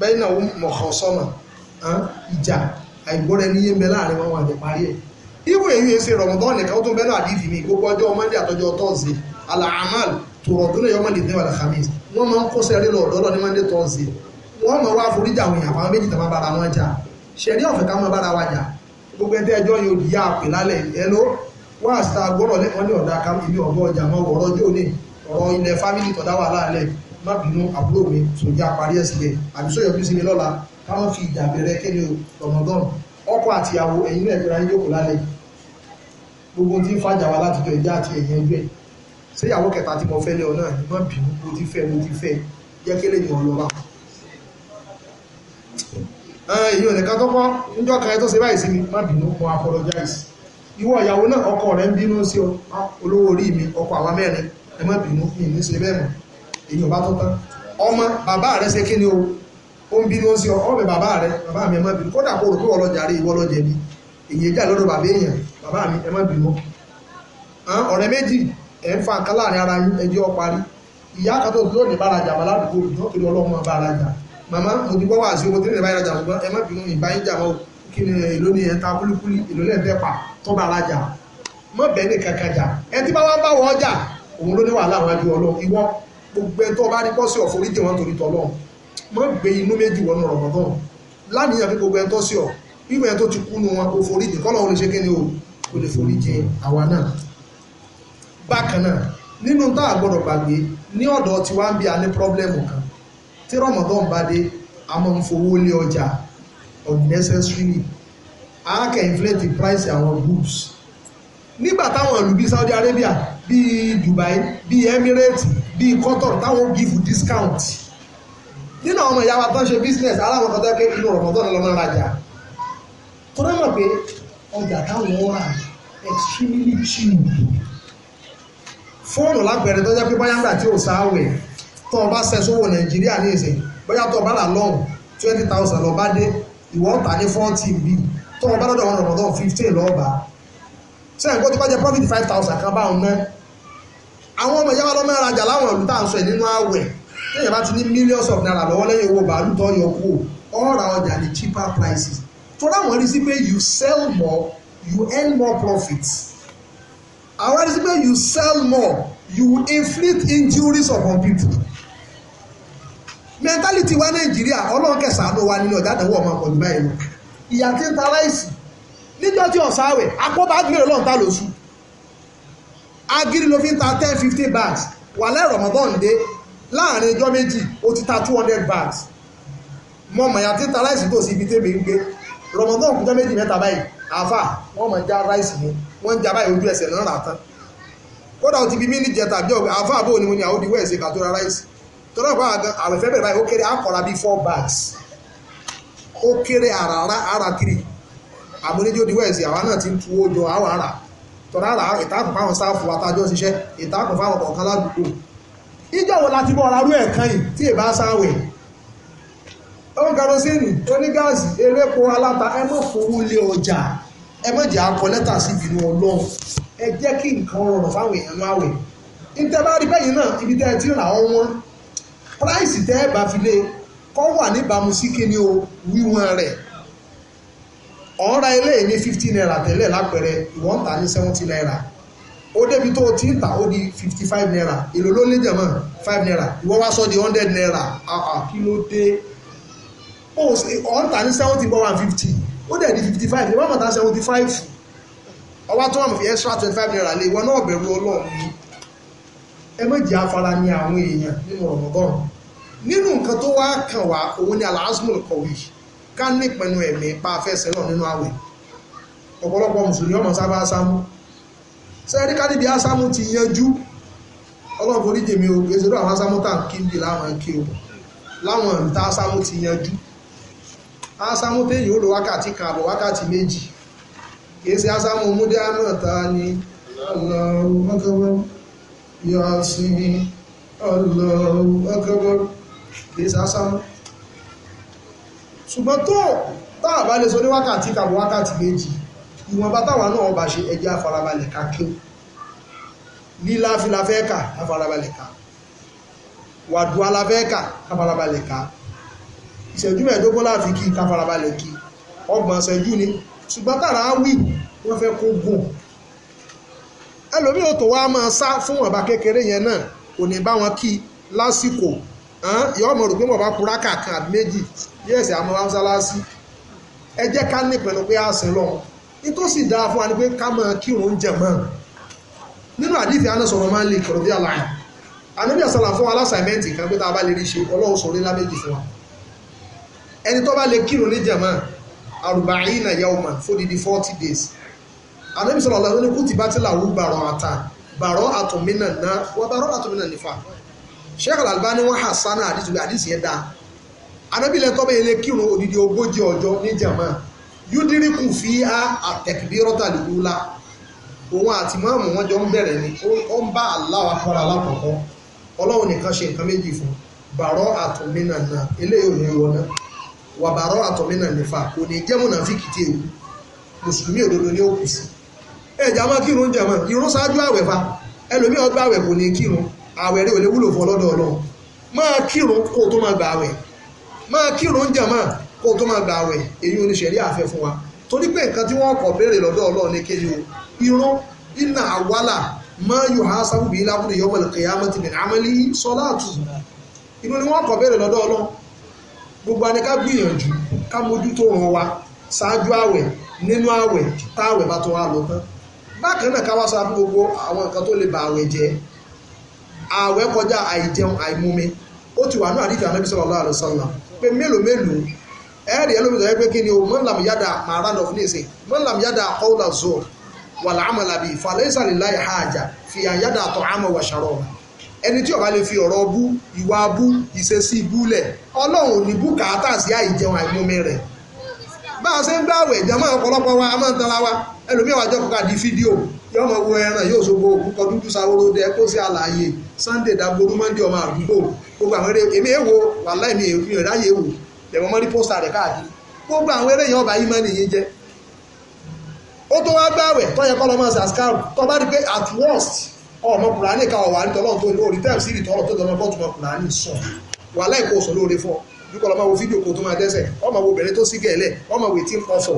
Speaker 1: bẹ́ẹ̀ náà mọ̀kàn sọ́nà ìjà àìgbọ́rẹ́ níyé ń bẹ láàrin wọn àti parí ẹ̀ ibo èyí ṣe rọmọdán nìkan ó tún bẹ́ẹ̀ náà àdìdì mi gbogbo ọjọ́ monday àtọjọ́ tọ́sídẹ̀ẹ́ alaamal tòrọ̀dúnlẹ̀ yọmọ lè dẹ́wà làkàmìs wọ́n máa ń kó sẹ́rí lọ ọ̀dọ́ ní monday tọ́sídẹ̀ẹ́ wọ́n máa wá foríjà àwọn èèyàn àwọn méjì tàmá bára wọn jà ṣẹ̀rí ọ̀fẹ́ ká máa bára wa jà gbogbo ẹ̀dẹ́ ẹjọ́ yóò di àpè lálẹ́ má bínú àbúrò mi sòjà parí ẹ̀ sílẹ̀ àbí sọ̀yọ̀ bí sinmi lọ́la káwọn fi ìjà bẹ̀rẹ̀ kẹ́ni ọ̀mọ̀gán ọkọ àtìyàwó ẹ̀yin náà ìgbéra yín yókù lálẹ́ gbogbo tí ń fàjà wa látijọ́ ìjà àti ẹ̀yìn ẹgbẹ́ ṣéyàwó kẹta tí mo fẹ́ lé náà ni má bínú mo ti fẹ́ mo ti fẹ́ jẹ́ kí lè yàn ọ lọ́wọ́ èyí ò ní ká tọ́pọ́ níjọ́ kan tó ṣe báyìí sí mi má bínú mo apologize ìwọ ìyàwó náà ọkọ rẹ̀ ń bínú sí ọ ah, olówó mi ọkọ àwa mẹ́rin ẹ èyí ò bá tó tán ọmọ bàbá rẹ ṣe kí ni o ó ń bínú sí ọ ọmọ mi bàbá rẹ bàbá mi ẹ má bínú kódà kó rò pé wọ́n lọ jàre ìwọ lọ jẹ̀bi èyí ìjà lọ́dọ̀ bàbá èèyàn bàbá mi ẹ má bínú ọ̀rẹ́ méjì ẹ̀ ń fa nǹkan láàrin ara yín ẹjọ́ ọ parí ìyá kan tó lóò ní bárajà bá ládùúgbò mi náà torí ọlọ́mọ bárajà màmá mo ti gbọ́ wá sí owó tí ní ìbáyìí rajà ṣùgbọ́n ẹ má bínú ìbáyìí jà mọ́ kí ni èlò ni ẹ̀ ta kúlíkúlí èlò lẹ́ẹ̀fẹ́ pa tó bárajà mọ́ bẹ́ẹ̀ ní kankan jà ẹ ti bá wá bá wọ́ ọjà òun ló ní ìwọ gbogbo ẹ̀ tó bá rí kọ́sí ọ̀foríjì wọn torí tọ́lọ́ mọ́ gbé inú méjì wọnú Ramadan láníyàn pé gbogbo ẹ̀ tó sí ọ ìwé ẹ̀ tó ti kú nu wọn òforíjì kọ́lọ̀ wọn lè ṣe kíni o kò lè foríjì àwa náà bákan náà nínú tá a gbọ́dọ̀ gbàgbé ní ọ̀dọ̀ tí wá ń bí a ní pírọ́blẹ́mù kan tí Ramadan bá dé a máa ń fowó lé ọjà unnecessarily a kẹ́ inflate price àwọn goods nígbà táwọn ìlú bíi Saudi Arabia bíi Dubai bíi Emirates bíi cotton táwọn give discount nínú àwọn ọmọ ìyá wa tó ń ṣe business aláwọn kan tó ń pé inú rọ̀mọ́tọ́nù lọ́mọ ìrajà tó rẹ́ mọ̀ pé ọjà táwọn rà extremely cheap fóònù lápẹ̀rẹ̀ tó jẹ́ pé báyà ńgbà tí ò sáwẹ̀ tó o bá ṣe sówó nàìjíríà ní ìsìn bóyá tó o bá là lọ́hùn twenty thousand lọ bá dé ìwọ ọ̀tà ní fourteen bíi tó o bá lọ́dọ̀ wọn rọ̀mọ́tọ́nù fifteen lọ́ọ̀bà sẹ́yìn kó tó bá jẹ́ profit five thousand kan báwọn náà àwọn ọmọ ìyá wa lọ́mọ ìrajà láwọn ìlú tá à ń sọ nínú àwẹ̀ téèyàn bá ti ní millions of naira lọ́wọ́ lẹ́yìn owó bàálù tó yọ kú ọ̀rà ọjà ní cheaper prices tó dáwọn rí sí pé you sell more you earn more profits àwọn rí sí pé you sell more you inflict injuries upon people mentality wa nàìjíríà ọlọ́run kẹsàn-án ló wà nínú ọjà àtẹ̀wọ́ ọmọ ọkọ̀ nígbà yẹn lọ ìyá tí ń ta láìsí níjọ́ tí ọ̀sáwẹ̀ akọ́bàgbèrè lọ́ntà lóṣù agiri ló fi ń bags wàhálà Ramadan dé láàrin ọjọ́ méjì ó ti ta bags mọ mọ̀yà tí ta ráìsì tó sí ibi tèmi ń gbé Ramadan kújọ́ méjì mẹ́ta báyìí àáfà wọ́n mọ̀ já ráìsì ni wọ́n já báyìí ojú ẹsẹ̀ náà kódà ó ti àbí àáfà bò mo ní àwọn òdiwọ̀ ẹ̀sẹ̀ ra ráìsì tọ́lá bẹ̀rẹ̀ báyìí ó kéré bags tọ́ra rà ìtàkùn fáwọn sáfù àtàjọ́ ṣiṣẹ́ ìtàkùn fáwọn kọ̀ọ̀kan ládùúgbò ìjọ wo láti bọ́ ọ̀rá rú ẹ̀kan yìí tí ìbá sáwẹ̀ ó ń karosíìnì onígáàsì eléko aláta ẹ mọ̀ fowó lé ọjà ẹ mọ̀ jẹ́ akọ lẹ́tà sí ìbínú ọlọ́run ẹ jẹ́ kí nǹkan rọrùn fáwọn èèyàn náà wẹ̀ ìtẹ́ bá rí bẹ́yìn náà ibi tẹ́ ẹ ti rà wọ́n price tẹ́ ẹ bá fi lé kọ́ wà níbàámu sí kíni o wíwọ́n rẹ̀ ọ̀nra eléyìí ní fifty naira tẹ́lẹ̀ lápẹẹrẹ ìwọ́n tà ní seventy naira ó débi tó o ti ń tà di fifty naira èlò ló lé jẹ̀mọ́ five naira ìwọ́n wá sọ di hundred naira ah, ah, kí ló dé tà ní seventy bọ́ one fifty ó di fifty five mọ̀ tà seventy five tó extra twenty naira lé náà bẹ̀rù ní àwọn èèyàn nínú nínú nǹkan tó wá kàn ká nípinnu ẹ̀mí pa afẹ́sẹ̀ lọ nínú àwẹ̀ ọ̀pọ̀lọpọ̀ mùsùlùmí ọmọ sábà sámú sẹ́ẹ̀rí ká níbi ásámú ti yanjú ọlọ́run forí jèmi o kèsè ló àwọn ásámú tá à ń kí ń bì láwọn kí o láwọn ìlú tá ti yanjú ásámú téyì ó lo wákàtí kan wákàtí méjì kèsè ásámú múdé àmọ́ta ni Allahu akbar Yasin Allahu akbar kèsè ásámú ṣùgbọ́n tó tá a bá lè sọ ní wákàtí kàbọ̀ wákàtí méjì ìwọ̀nba táwa náà bá ṣe ẹjẹ́ afarabalẹ̀ ká kí lílá filafẹ́ kà afarabalẹ̀ ká wàdù alafẹ́kà kafarabalẹ̀ ká ìṣẹ́jú mẹ́ẹ̀dógún láti kí kafarabalẹ̀ kí ọgbọ̀n ṣẹ́jú ni ṣùgbọ́n tààrà wí wọ́n fẹ́ kó gùn ẹlòmíì ò tó wá máa sá fún ọ̀bà kékeré yẹn náà kò ní bá wọn kí lásìkò yọ ọmọ rò pé mo bá kura kàkan àbí méjì yẹ́sì àmọ́ mọ́sálásí ẹ jẹ́ ká ní pẹ̀lú pé àṣẹ lọ nítòsí dáa fún wa ni pé ká máa kírun ń jẹ̀mọ́ nínú àdìfẹ́ anásọ̀rọ̀ máa ń lè kọ̀rọ̀ bí àlàyé ànábì àsàlà fún alásàmẹ́ǹtì kan pé tá a bá lè rí ṣe ọlọ́run sọ̀rọ̀ ńlá méjì fún wa ẹni tó bá lè kírun ní jẹ̀mọ́ àrùbáyìn àyàwòmọ̀ fódìdí forty days ànábì sọ̀rọ̀ ọ̀la ló ní kùtìbátìlà wù bàrọ̀ àtà bàrọ̀ àtọ̀mínà náà wọ́n bàrọ̀ àtọ̀mínà nífà sheikh al-albani wọn hà sanu àdìsí àdìsí yẹn dáa anábìlẹ̀ tọ́ odidi ogójì fi á àtẹ̀kìbírọ́tà lùlá òun àti mọ́ọ̀mù wọn jọ ń bẹ̀rẹ̀ ni ó ń bá Allahu akbar alákọ̀ọ́kọ́ ọlọ́run nìkan ṣe nǹkan méjì fún àtọ̀mínà eléyìí ò ní wà àtọ̀mínà kò ní mùsùlùmí òdodo ni ó kù sí kírun irun ṣáájú àwẹ̀ àwẹ̀ rẹ̀ ò lè wúlò fún kirun ọlọ́run máa kírun kó o tó máa gbà àwẹ̀ máa kírun jàmá kó tó máa gbà àwẹ̀ èyí oníṣẹ̀rí àfẹ́ fún wa torí pé nǹkan tí wọ́n kọ̀ béèrè lọ́dọ̀ kéde o irun ha sábùbí lábúrò yọmọ kẹyàmọ ti bẹ̀rẹ̀ amẹ́lí inú ni wọ́n kọ̀ béèrè lọ́dọ̀ gbogbo anika gbìyànjú ká mójútó wọn wa ṣáájú àwẹ̀ nínú àwẹ̀ táwẹ̀ bá tó wà lọ tán bákan náà ká wá gbogbo àwọn ba àwẹ̀ jẹ́ ààwẹ̀ kọjá àìjẹun àìmumi ó ti wà ní àdìfẹ́ ànábì sallallahu la wasallam pé mélòó mélòó ẹ̀ẹ́dì ni o mọ́nlàm yàdà màrán of nìsín mọ́nlàm yàdà qawla zuur wal amala bi falaysa lillahi haja fi ha yada ta'ama wa sharaba ẹni tí lè fi ọ̀rọ̀ bú ìwà bú ìṣesí bú ní sí àìjẹun àìmumi bá a ṣe ń wa yọmọ wo ẹran yóò ṣogbo òkúkọ dúdú sáwóró dẹ kó sí àlàyé Sunday dàgbòrú mọ́ndé ọmọ àdúgbò gbogbo àwọn eré èmi èwo wàhálà èmi èmi ìráyè wò lẹ́wọ̀n mọ́rí pósítà rẹ̀ káàkiri gbogbo àwọn eré yẹn ọba yìí mọ́ nìyí jẹ́ ó tó wá gbàwẹ̀ tó yẹ kọ́lọ́mọ́ sàskárù tó bá rí pé at worst ọmọ kùránì ká nítorí ìtọ́rọ̀ tó bọ́ọ̀tù kùránì sọ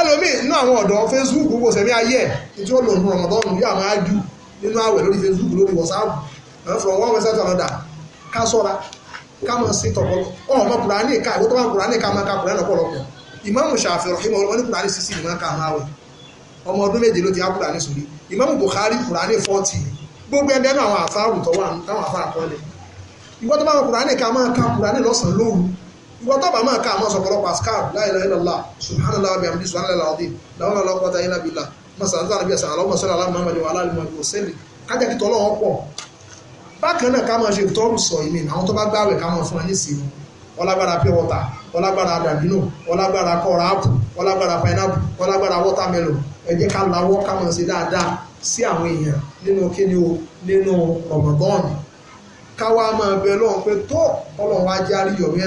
Speaker 1: ẹlòmíì nínú àwọn ọ̀dọ́ Facebook kò sẹ́mi ayé ẹ̀ tí ó lò nínú Ramadan yóò máa dù nínú àwẹ̀ lórí Facebook lórí WhatsApp from one website to another ká sọ́ra ká mọ̀ sí tọ̀pọ̀ ọmọ kùránì ká ìwé tó bá kùránì ká máa ka kùránì ọ̀pọ̀lọpọ̀ Ìmáàmù Ṣàfi'í rahimah wọn ní kùránì sísì ní máa ka máa wẹ̀ ọmọ ọdún méje ló ti á kùránì sórí Ìmáàmù Bukhari kùránì fọ́ọ̀tì gbogbo ẹgbẹ́ náà àwọn àfáàrù tó wà táwọn àfáà kọ́lẹ̀ ìwọ́n tó bá kùránì ká máa ka kùránì lọ́sàn-án lóru wọ́n tọ́ba máa ká àmọ́ sọ̀pọ̀lọ́ pascal láìláìlọ́lá subhanallah wa bihamdi subhanallah ọdí làwọn ọlọ́kọ̀ọ́ta yìí lábìlá masalasa àbí ẹ̀sán àlọ́ masọ́lá aláàmúhàmàdì wà aláàmú ẹ̀kọ́ sẹ́lẹ̀ kájà kí tọ́lọ́wọ́ pọ̀ bákan náà ká máa ṣe tọ́rù sọ ìmì àwọn tó bá gbáwẹ̀ ká máa fún ẹ ní ìsinmi ọlágbára pure water ọlágbára dàbínò ọlágbára kọ́ra apple ọlágbára pineapple ọlágbára watermelon ẹ jẹ́ ká lawọ́ ká máa ṣe dáadáa sí àwọn èèyàn nínú kíni o nínú Ramadan káwa máa bẹ lọ́wọ́ pé tó Ọlọ́run wá járí yọ̀wé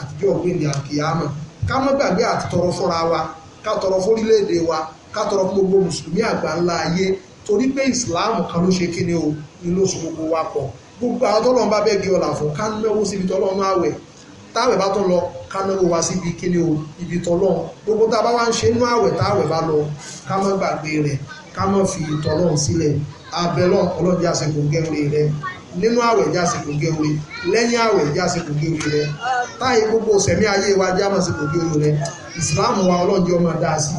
Speaker 1: àtijọ́ ògbéǹde àkìyàmọ̀ ká má gbàgbé àti tọrọ fúnra wa ká tọrọ fórílẹ̀-èdè wa ká tọrọ fún gbogbo mùsùlùmí àgbà ńlá ayé torí pé ìsìláàmù kan ló ṣe kí ni o ni ló so gbogbo wa pọ̀ gbogbo àwọn tọ́lọ́run bá bẹ́ẹ̀ gé ọ̀là fún ká náwó síbi tọ́lọ́run àwẹ̀ táwẹ̀ bá tó lọ ká náwó wa síbi kí ni o ibi tọ́lọ́run gbogbo tá a bá wá ń ṣe inú àwẹ̀ táwẹ̀ bá lọ ká má gbàgbé rẹ̀ ká má fi tọ́lọ́run sílẹ̀ abẹ́lọ́ ọlọ́jà ṣe kò gẹ́rẹ́ rẹ̀ nínú àwẹ̀ jẹ́ àsìkò gé orí lẹ́yìn àwẹ̀ jẹ́ àsìkò gé orí rẹ táyé gbogbo sẹ̀mí ayé wa jẹ́ àsìkò gé orí rẹ ìsìláàmù wa ọlọ́njẹ́ ọmọ dá sí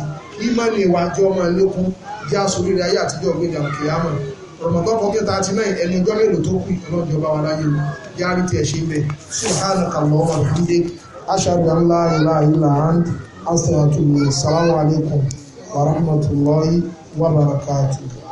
Speaker 1: ìmọ̀ni wa jẹ́ ọmọ lẹ́kún jẹ́ àsòrí rẹ ayé àtijọ́ gbẹ̀dà kìyàmọ̀ rọ̀mọ̀tọ́ fọ́kẹ́ tààtì náà ẹni ọjọ́ mélòó tó kù ọlọ́njẹ́ ọba wa láyé wọn jẹ́ àrí tiẹ̀ ṣe bẹ́ẹ̀